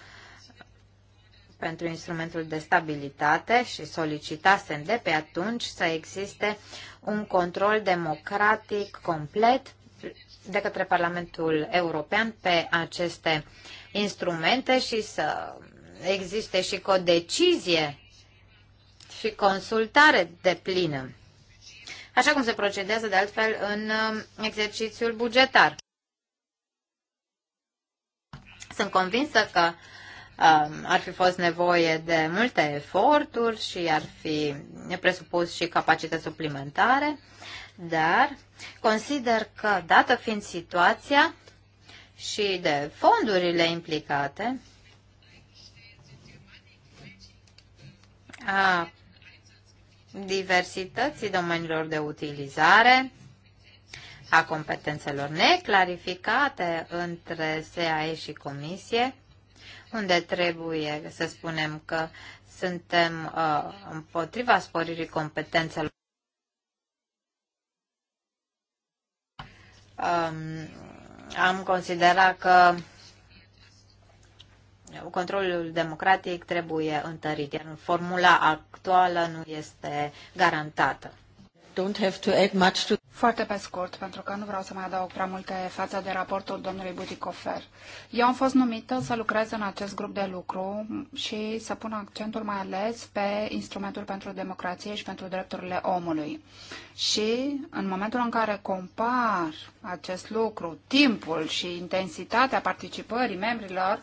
pentru instrumentul de stabilitate și solicitasem de pe atunci să existe un control democratic complet de către Parlamentul European pe aceste instrumente și să existe și o decizie și consultare de plină, așa cum se procedează de altfel în um, exercițiul bugetar. Sunt convinsă că Um, ar fi fost nevoie de multe eforturi și ar fi presupus și capacități suplimentare, dar consider că, dată fiind situația și de fondurile implicate, a diversității domeniilor de utilizare, a competențelor neclarificate între SAE și Comisie, unde trebuie să spunem că suntem uh, împotriva sporirii competențelor. Um, am considerat că controlul democratic trebuie întărit, iar formula actuală nu este garantată don't have to add much to... Foarte pe scurt, pentru că nu vreau să mai adaug prea multe față de raportul domnului Buticofer. Eu am fost numită să lucrez în acest grup de lucru și să pun accentul mai ales pe instrumentul pentru democrație și pentru drepturile omului. Și în momentul în care compar acest lucru, timpul și intensitatea participării membrilor,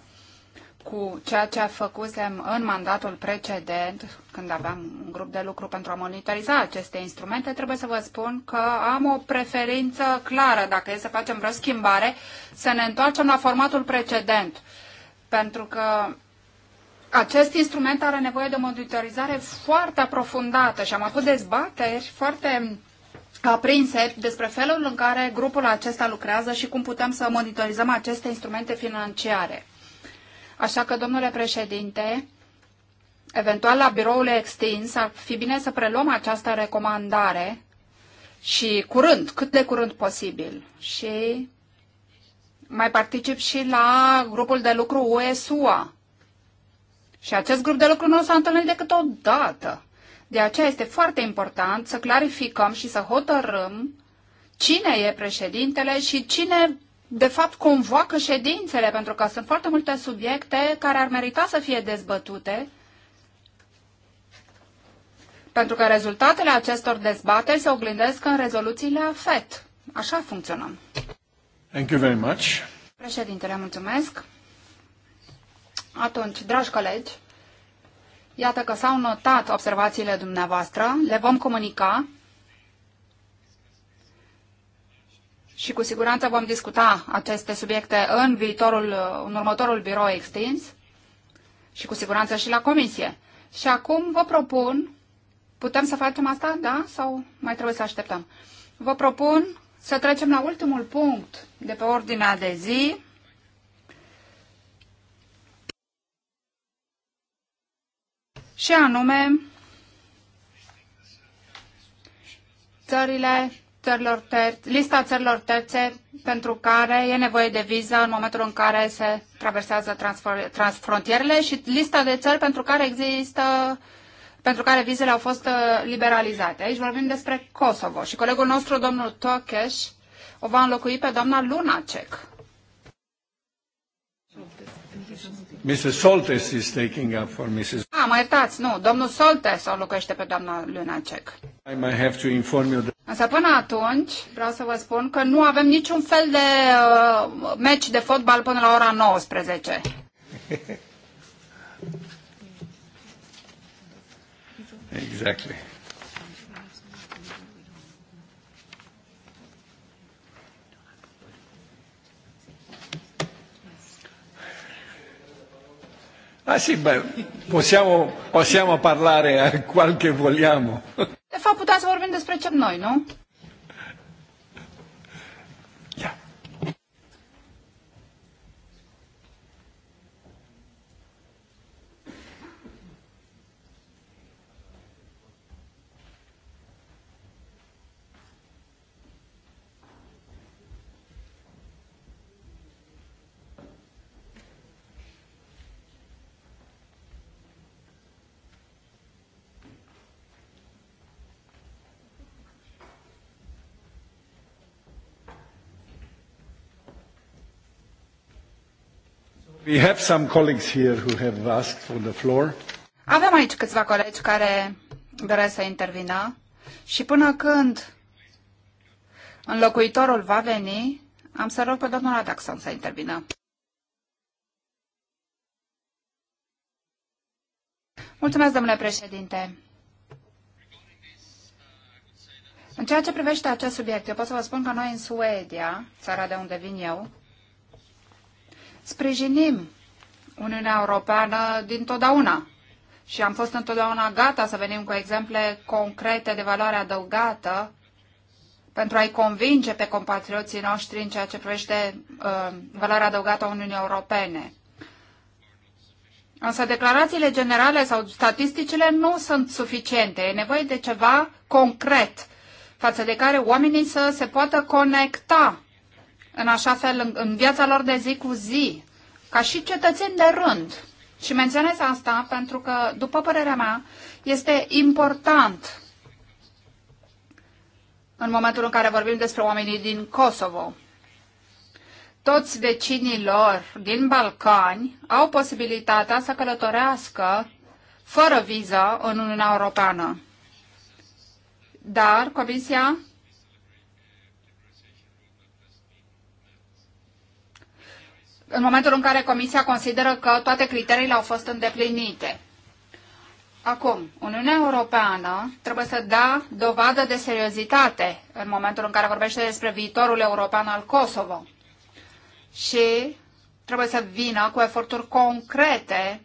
cu ceea ce făcusem în mandatul precedent, când aveam un grup de lucru pentru a monitoriza aceste instrumente, trebuie să vă spun că am o preferință clară, dacă e să facem vreo schimbare, să ne întoarcem la formatul precedent. Pentru că acest instrument are nevoie de o monitorizare foarte aprofundată și am avut dezbateri foarte aprinse despre felul în care grupul acesta lucrează și cum putem să monitorizăm aceste instrumente financiare. Așa că, domnule președinte, eventual la biroul extins ar fi bine să preluăm această recomandare și curând, cât de curând posibil. Și mai particip și la grupul de lucru USUA. Și acest grup de lucru nu s-a întâlnit decât o dată. De aceea este foarte important să clarificăm și să hotărâm cine e președintele și cine de fapt, convoacă ședințele, pentru că sunt foarte multe subiecte care ar merita să fie dezbătute, pentru că rezultatele acestor dezbateri se oglindesc în rezoluțiile AFET. Așa funcționăm. Thank you very much. Președintele, mulțumesc. Atunci, dragi colegi, iată că s-au notat observațiile dumneavoastră, le vom comunica și cu siguranță vom discuta aceste subiecte în, viitorul, în următorul birou extins și cu siguranță și la comisie. Și acum vă propun, putem să facem asta, da? Sau mai trebuie să așteptăm? Vă propun să trecem la ultimul punct de pe ordinea de zi. Și anume, țările țărilor terți, lista țărilor terțe pentru care e nevoie de viză în momentul în care se traversează transfrontierele și lista de țări pentru care există pentru care vizele au fost uh, liberalizate. Aici vorbim despre Kosovo și colegul nostru, domnul Tokes o va înlocui pe doamna Lunacek. Mr. Soltes is taking up for Mrs. Ah, mă iertați, nu, domnul Soltes o locuiește pe doamna Lunacek. I might have to inform you that... Însă până atunci vreau să vă spun că nu avem niciun fel de uh, meci de fotbal până la ora 19. exactly. Ah sì, beh, possiamo, possiamo parlare qual che vogliamo. De fapt, putem să vorbim despre ce noi, nu? We have some colleagues here who have asked for the floor. Avem aici câțiva colegi care doresc să intervină și până când înlocuitorul va veni, am să rog pe domnul Adaxon să intervină. Mulțumesc, domnule președinte. În ceea ce privește acest subiect, eu pot să vă spun că noi în Suedia, țara de unde vin eu, Sprijinim Uniunea Europeană dintotdeauna și am fost întotdeauna gata să venim cu exemple concrete de valoare adăugată pentru a-i convinge pe compatrioții noștri în ceea ce privește uh, valoarea adăugată a Uniunii Europene. Însă declarațiile generale sau statisticile nu sunt suficiente. E nevoie de ceva concret față de care oamenii să se poată conecta în așa fel în, în viața lor de zi cu zi, ca și cetățeni de rând. Și menționez asta pentru că, după părerea mea, este important în momentul în care vorbim despre oamenii din Kosovo. Toți vecinii lor din Balcani au posibilitatea să călătorească fără viză în Uniunea Europeană. Dar Comisia în momentul în care Comisia consideră că toate criteriile au fost îndeplinite. Acum, Uniunea Europeană trebuie să dea dovadă de seriozitate în momentul în care vorbește despre viitorul european al Kosovo și trebuie să vină cu eforturi concrete,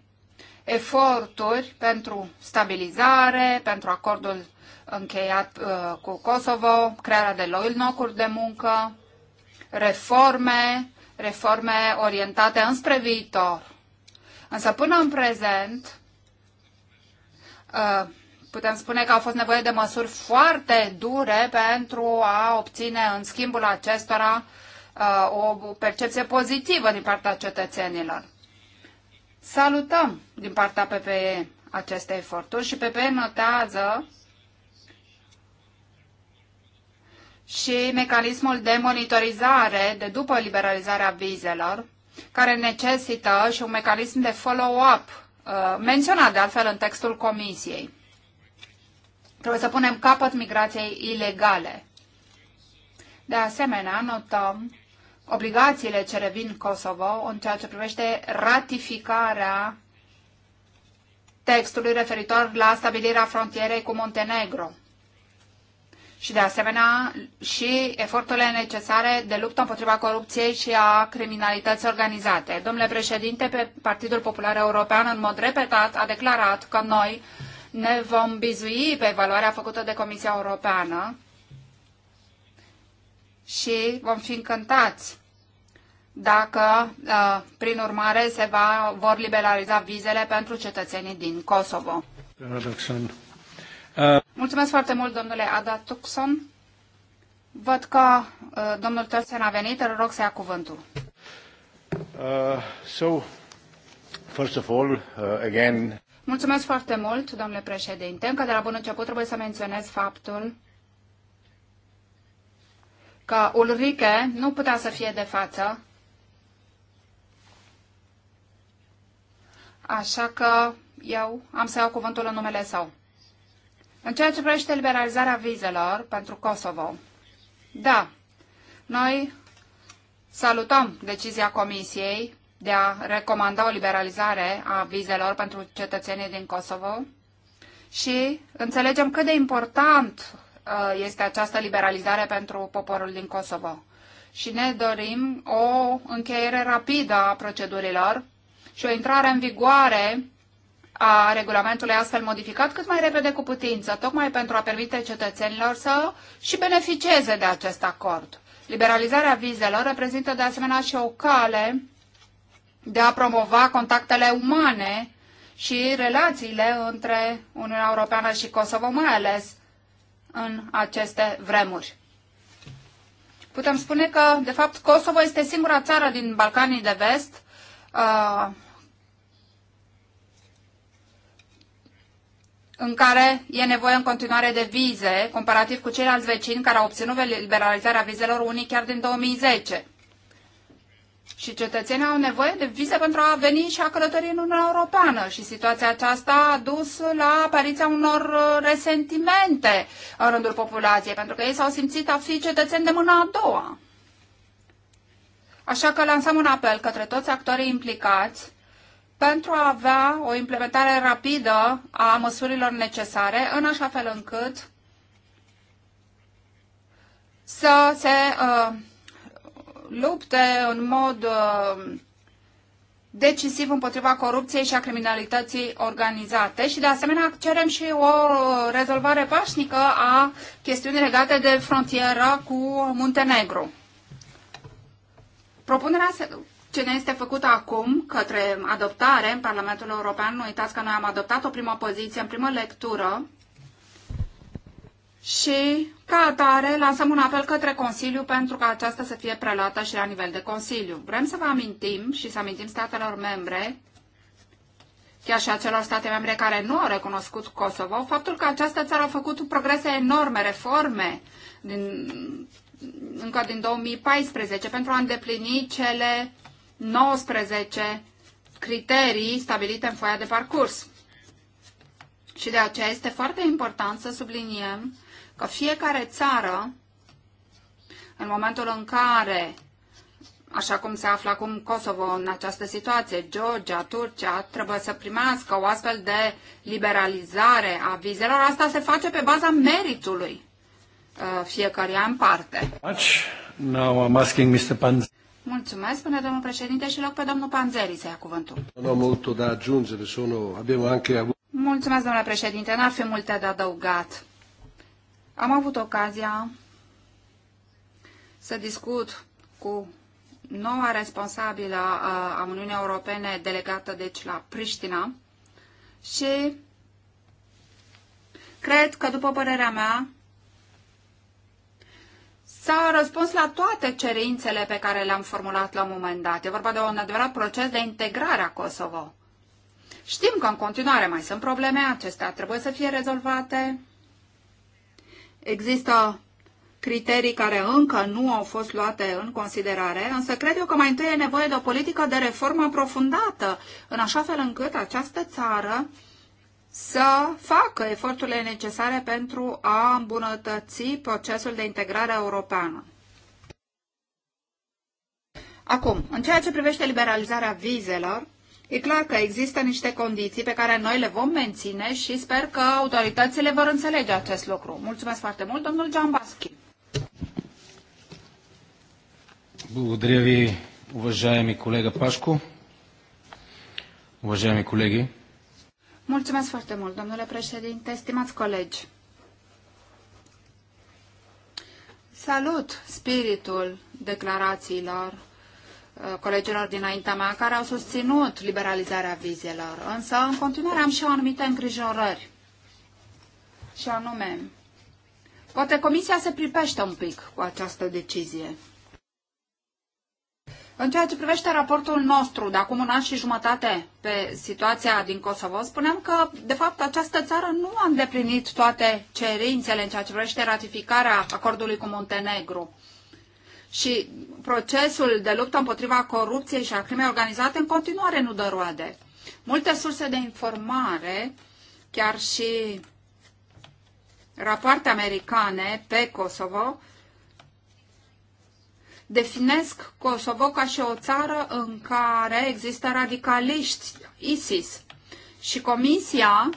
eforturi pentru stabilizare, pentru acordul încheiat uh, cu Kosovo, crearea de locuri de muncă, reforme reforme orientate înspre viitor. Însă până în prezent, uh, putem spune că au fost nevoie de măsuri foarte dure pentru a obține în schimbul acestora uh, o percepție pozitivă din partea cetățenilor. Salutăm din partea PPE aceste eforturi și PPE notează și mecanismul de monitorizare de după liberalizarea vizelor, care necesită și un mecanism de follow-up uh, menționat de altfel în textul Comisiei. Trebuie să punem capăt migrației ilegale. De asemenea, notăm obligațiile ce revin Kosovo în ceea ce privește ratificarea textului referitor la stabilirea frontierei cu Montenegro și de asemenea și eforturile necesare de luptă împotriva corupției și a criminalității organizate. Domnule președinte, pe Partidul Popular European în mod repetat a declarat că noi ne vom bizui pe evaluarea făcută de Comisia Europeană și vom fi încântați dacă, uh, prin urmare, se va, vor liberaliza vizele pentru cetățenii din Kosovo. Mulțumesc foarte mult, domnule Ada Tucson. Văd că uh, domnul Tățen a venit, îl rog să ia cuvântul. Uh, so, first of all, uh, again... Mulțumesc foarte mult, domnule președinte. Încă de la bun început trebuie să menționez faptul că Ulrike nu putea să fie de față, așa că eu am să iau cuvântul în numele său. În ceea ce privește liberalizarea vizelor pentru Kosovo, da, noi salutăm decizia Comisiei de a recomanda o liberalizare a vizelor pentru cetățenii din Kosovo și înțelegem cât de important uh, este această liberalizare pentru poporul din Kosovo. Și ne dorim o încheiere rapidă a procedurilor și o intrare în vigoare a regulamentului astfel modificat cât mai repede cu putință, tocmai pentru a permite cetățenilor să și beneficieze de acest acord. Liberalizarea vizelor reprezintă de asemenea și o cale de a promova contactele umane și relațiile între Uniunea Europeană și Kosovo, mai ales în aceste vremuri. Putem spune că, de fapt, Kosovo este singura țară din Balcanii de Vest uh, în care e nevoie în continuare de vize, comparativ cu ceilalți vecini care au obținut liberalizarea vizelor unii chiar din 2010. Și cetățenii au nevoie de vize pentru a veni și a călători în Uniunea Europeană. Și situația aceasta a dus la apariția unor uh, resentimente în rândul populației, pentru că ei s-au simțit a fi cetățeni de mâna a doua. Așa că lansăm un apel către toți actorii implicați pentru a avea o implementare rapidă a măsurilor necesare, în așa fel încât să se uh, lupte în mod uh, decisiv împotriva corupției și a criminalității organizate și de asemenea cerem și o rezolvare pașnică a chestiunii legate de frontieră cu Muntenegru. Propunerea ce ne este făcut acum către adoptare în Parlamentul European. Nu uitați că noi am adoptat o primă poziție în primă lectură și, ca atare, lansăm un apel către Consiliu pentru ca aceasta să fie preluată și la nivel de Consiliu. Vrem să vă amintim și să amintim statelor membre, chiar și acelor state membre care nu au recunoscut Kosovo, faptul că această țară a făcut progrese enorme, reforme din, încă din 2014 pentru a îndeplini cele 19 criterii stabilite în foaia de parcurs. Și de aceea este foarte important să subliniem că fiecare țară, în momentul în care, așa cum se află acum Kosovo în această situație, Georgia, Turcia, trebuie să primească o astfel de liberalizare a vizelor, asta se face pe baza meritului uh, fiecăruia în parte. Now I'm asking Mr. Panz. Mulțumesc, spune domnul președinte, și loc pe domnul Panzeri să ia cuvântul. Nu am mult de ajungere, sono, avem da anche avut... Mulțumesc, domnule președinte, n-ar fi multe de adăugat. Am avut ocazia să discut cu noua responsabilă a Uniunii Europene, delegată deci la Priștina, și cred că, după părerea mea, s-a răspuns la toate cerințele pe care le-am formulat la un moment dat. E vorba de un adevărat proces de integrare a Kosovo. Știm că în continuare mai sunt probleme, acestea trebuie să fie rezolvate. Există criterii care încă nu au fost luate în considerare, însă cred eu că mai întâi e nevoie de o politică de reformă aprofundată, în așa fel încât această țară să facă eforturile necesare pentru a îmbunătăți procesul de integrare europeană. Acum, în ceea ce privește liberalizarea vizelor, e clar că există niște condiții pe care noi le vom menține și sper că autoritățile vor înțelege acest lucru. Mulțumesc foarte mult, domnul Giambaschi. Благодаря ви, уважаеми колега Пашко, уважаеми колеги. Mulțumesc foarte mult, domnule președinte, stimați colegi. Salut spiritul declarațiilor uh, colegilor dinaintea mea care au susținut liberalizarea vizelor. Însă, în continuare, am și eu anumite îngrijorări. Și anume, poate Comisia se pripește un pic cu această decizie. În ceea ce privește raportul nostru de acum un an și jumătate pe situația din Kosovo, spuneam că, de fapt, această țară nu a îndeplinit toate cerințele în ceea ce privește ratificarea acordului cu Montenegru. Și procesul de luptă împotriva corupției și a crimei organizate în continuare nu dă roade. Multe surse de informare, chiar și rapoarte americane pe Kosovo, definesc Kosovo ca și o țară în care există radicaliști ISIS. Și Comisia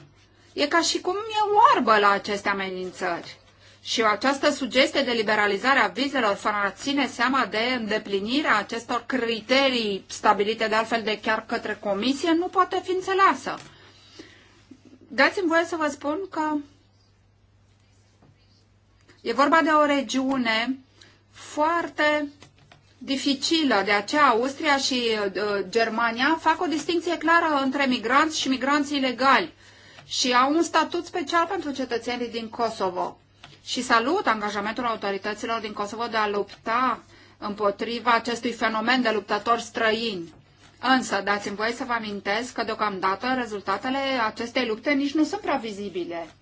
e ca și cum e oarbă la aceste amenințări. Și această sugestie de liberalizare a vizelor fără a ține seama de îndeplinirea acestor criterii stabilite de altfel de chiar către comisie nu poate fi înțeleasă. Dați-mi voie să vă spun că e vorba de o regiune foarte dificilă. De aceea Austria și uh, Germania fac o distinție clară între migranți și migranți ilegali și au un statut special pentru cetățenii din Kosovo. Și salut angajamentul autorităților din Kosovo de a lupta împotriva acestui fenomen de luptători străini. Însă, dați-mi voie să vă amintesc că deocamdată rezultatele acestei lupte nici nu sunt prea vizibile.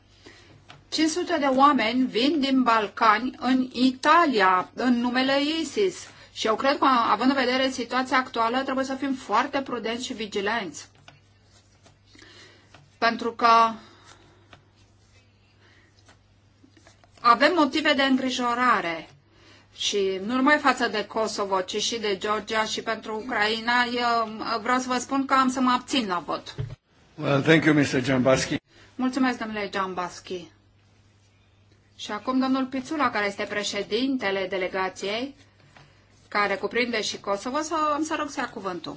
500 de oameni vin din Balcani în Italia, în numele ISIS. Și eu cred că, având în vedere situația actuală, trebuie să fim foarte prudenți și vigilenți. Pentru că avem motive de îngrijorare și nu numai față de Kosovo, ci și de Georgia și pentru Ucraina, eu vreau să vă spun că am să mă abțin la vot. Well, thank you, Mr. Mulțumesc, domnule Jambaschi. Și acum domnul Pițula, care este președintele delegației, care cuprinde și Kosovo, să, am să rog să ia cuvântul.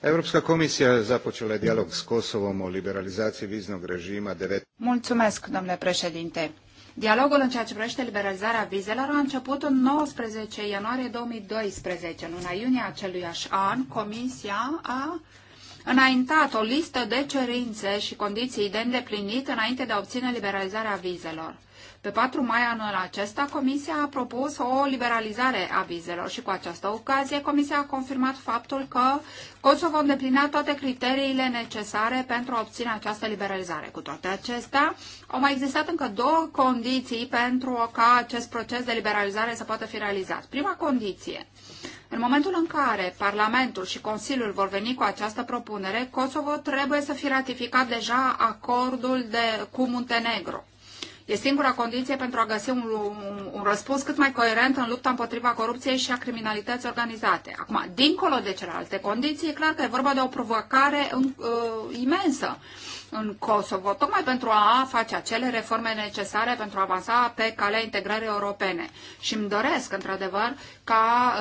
Europska komisija započela je dialog s Kosovom o liberalizaciji viznog režima 9. Mulțumesc, domnule președinte. Dialogul în ceea ce privește liberalizarea vizelor a început în 19 ianuarie 2012. În luna iunie acelui an, Comisia a înaintat o listă de cerințe și condiții de îndeplinit înainte de a obține liberalizarea vizelor. Pe 4 mai anul acesta, Comisia a propus o liberalizare a vizelor și cu această ocazie Comisia a confirmat faptul că Kosovo îndeplinea toate criteriile necesare pentru a obține această liberalizare. Cu toate acestea, au mai existat încă două condiții pentru ca acest proces de liberalizare să poată fi realizat. Prima condiție în momentul în care Parlamentul și Consiliul vor veni cu această propunere, Kosovo trebuie să fi ratificat deja acordul de, cu Muntenegro. E singura condiție pentru a găsi un, un, un răspuns cât mai coerent în lupta împotriva corupției și a criminalității organizate. Acum, dincolo de celelalte condiții, e clar că e vorba de o provocare uh, imensă. Uh, în Kosovo, tocmai pentru a face acele reforme necesare pentru a avansa pe calea integrării europene. Și îmi doresc, într-adevăr, ca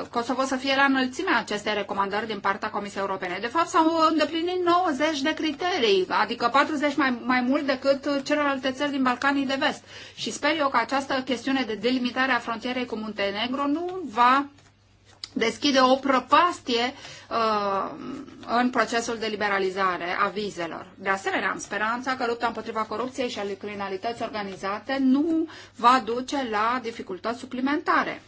uh, Kosovo să fie la înălțimea acestei recomandări din partea Comisiei Europene. De fapt, s-au îndeplinit 90 de criterii, adică 40 mai, mai mult decât celelalte țări din Balcanii de Vest. Și sper eu că această chestiune de delimitare a frontierei cu Muntenegru nu va deschide o prăpastie uh, în procesul de liberalizare a vizelor. De asemenea, am speranța că lupta împotriva corupției și a criminalității organizate nu va duce la dificultăți suplimentare.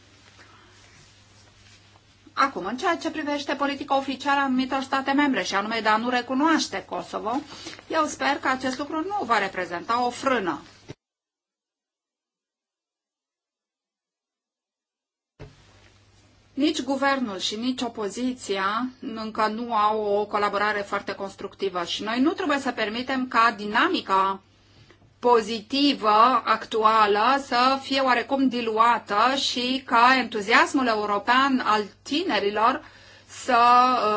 Acum, în ceea ce privește politica oficială a anumitor state membre, și anume de a nu recunoaște Kosovo, eu sper că acest lucru nu va reprezenta o frână Nici guvernul și nici opoziția încă nu au o colaborare foarte constructivă și noi nu trebuie să permitem ca dinamica pozitivă actuală să fie oarecum diluată și ca entuziasmul european al tinerilor să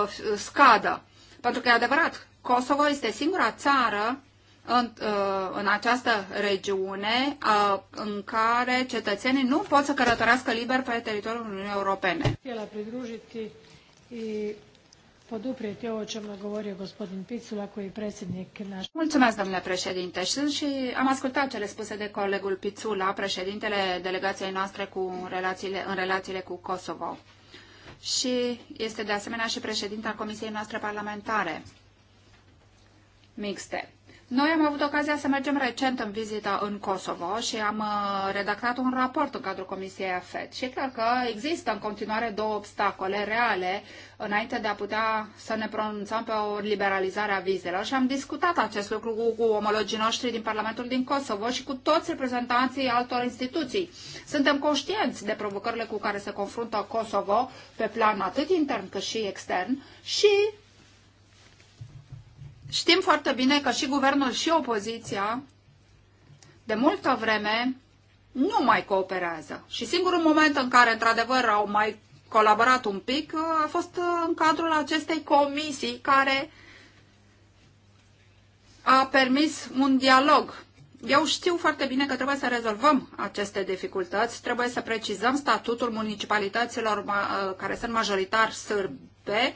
uh, scadă. Pentru că e adevărat, Kosovo este singura țară în, uh, în această regiune uh, în care cetățenii nu pot să călătorească liber pe teritoriul Uniunii Europene. Poduprijeti ovo o čemu je govorio gospodin Picula, koji je predsjednik Mulțumesc, domnule președinte. Sunt și am ascultat cele spuse de colegul Pițula, președintele delegației noastre cu relațiile, în relațiile cu Kosovo. Și este de asemenea și președinta Comisiei noastre parlamentare mixte. Noi am avut ocazia să mergem recent în vizită în Kosovo și am uh, redactat un raport în cadrul Comisiei AFET. Și e clar că există în continuare două obstacole reale înainte de a putea să ne pronunțăm pe o liberalizare a vizelor și am discutat acest lucru cu, cu omologii noștri din Parlamentul din Kosovo și cu toți reprezentanții altor instituții. Suntem conștienți de provocările cu care se confruntă Kosovo pe plan atât intern cât și extern și Știm foarte bine că și guvernul și opoziția de multă vreme nu mai cooperează. Și singurul moment în care, într-adevăr, au mai colaborat un pic uh, a fost uh, în cadrul acestei comisii care a permis un dialog. Eu știu foarte bine că trebuie să rezolvăm aceste dificultăți, trebuie să precizăm statutul municipalităților uh, care sunt majoritar sârbe,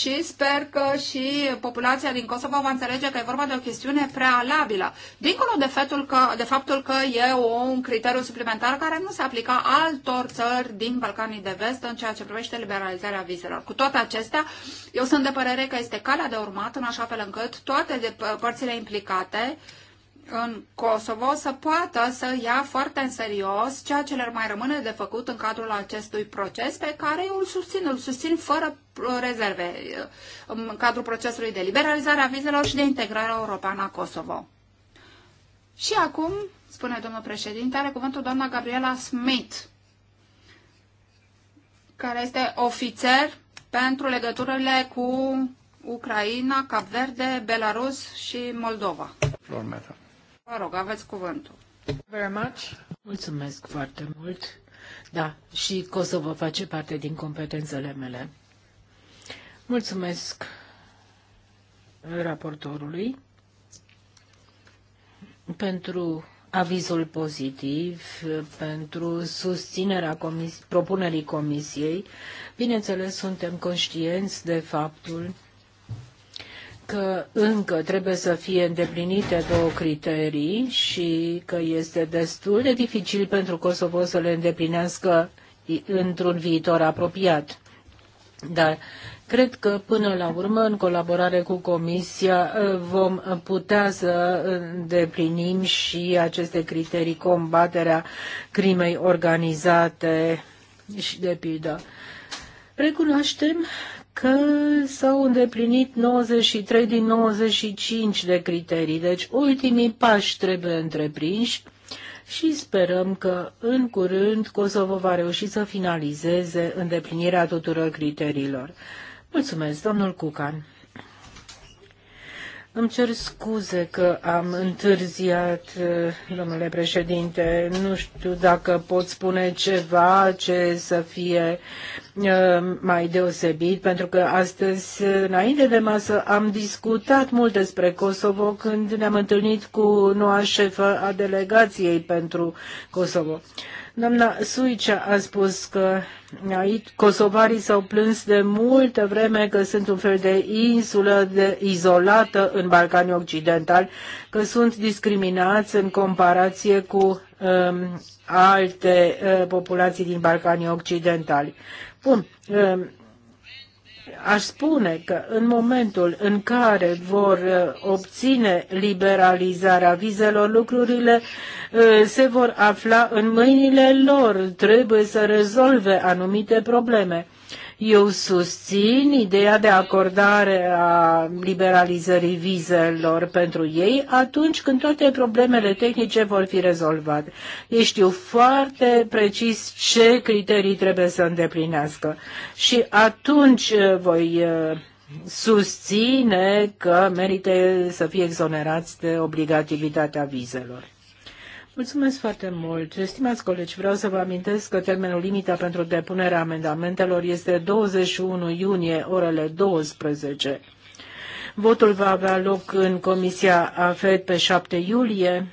și sper că și populația din Kosovo va înțelege că e vorba de o chestiune prealabilă, dincolo de, faptul că, de faptul că e un criteriu suplimentar care nu se aplica altor țări din Balcanii de Vest în ceea ce privește liberalizarea vizelor. Cu toate acestea, eu sunt de părere că este calea de urmat în așa fel încât toate părțile implicate uh, în Kosovo să poată să ia foarte în serios ceea ce le mai rămâne de făcut în cadrul acestui proces pe care eu îl susțin, îl susțin fără rezerve în cadrul procesului de liberalizare a vizelor și de integrare europeană a Kosovo. Și acum, spune domnul președinte, are cuvântul doamna Gabriela Smith, care este ofițer pentru legăturile cu Ucraina, Cap Verde, Belarus și Moldova. Flor, Vă rog, aveți cuvântul. Very much. Mulțumesc foarte mult. Da, și Kosovo face parte din competențele mele. Mulțumesc raportorului pentru avizul pozitiv, pentru susținerea comis- propunerii comisiei. Bineînțeles, suntem conștienți de faptul că încă trebuie să fie îndeplinite două criterii și că este destul de dificil pentru Kosovo să le îndeplinească într-un viitor apropiat. Dar cred că până la urmă, în colaborare cu Comisia, vom putea să îndeplinim și aceste criterii, combaterea crimei organizate și de pildă. Recunoaștem că s-au îndeplinit 93 din 95 de criterii, deci ultimii pași trebuie întreprinși și sperăm că în curând Kosovo va reuși să finalizeze îndeplinirea tuturor criteriilor. Mulțumesc, domnul Cucan. Îmi cer scuze că am întârziat, eh, domnule președinte. Nu știu dacă pot spune ceva ce să fie eh, mai deosebit, pentru că astăzi, eh, înainte de masă, am discutat mult despre Kosovo când ne-am întâlnit cu noua șefă a delegației pentru Kosovo. Uh, Doamna Suicea a spus că aici kosovarii s-au plâns de multă vreme că sunt un fel de insulă de, izolată în Balcanii Occidentali, că sunt discriminați în comparație cu um, alte uh, populații din Balcanii Occidentali. Bun, um, aș spune că în momentul în care vor uh, obține liberalizarea vizelor, lucrurile uh, se vor afla în mâinile lor, trebuie să rezolve anumite probleme. Eu susțin ideea de acordare a liberalizării vizelor pentru ei atunci când toate problemele tehnice vor fi rezolvate. Ei știu foarte precis ce criterii trebuie să îndeplinească. Și atunci uh, voi uh, susține că merită să fie exonerați de obligativitatea vizelor. Mulțumesc foarte mult. Stimați colegi, vreau să vă amintesc că termenul limită pentru depunerea amendamentelor este 21 iunie, orele 12. Votul va avea loc în Comisia AFED pe 7 iulie,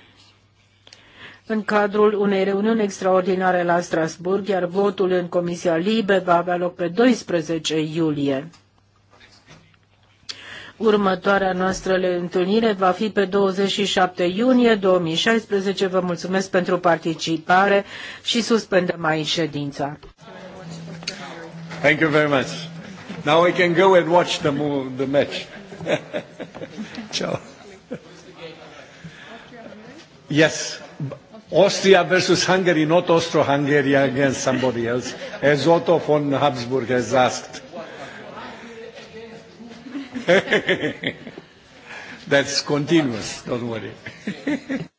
în cadrul unei reuniuni extraordinare la Strasburg, iar votul în Comisia LIBE va avea loc pe 12 iulie. Următoarea noastră întâlnire va fi pe 27 iunie 2016. Vă mulțumesc pentru participare și suspendăm aici ședința. Thank you very much. Now we can go and watch the, the match. Ciao. Yes. Austria versus Hungary, not Austro-Hungary against somebody else, as Otto von Habsburg has asked. That's continuous, don't worry.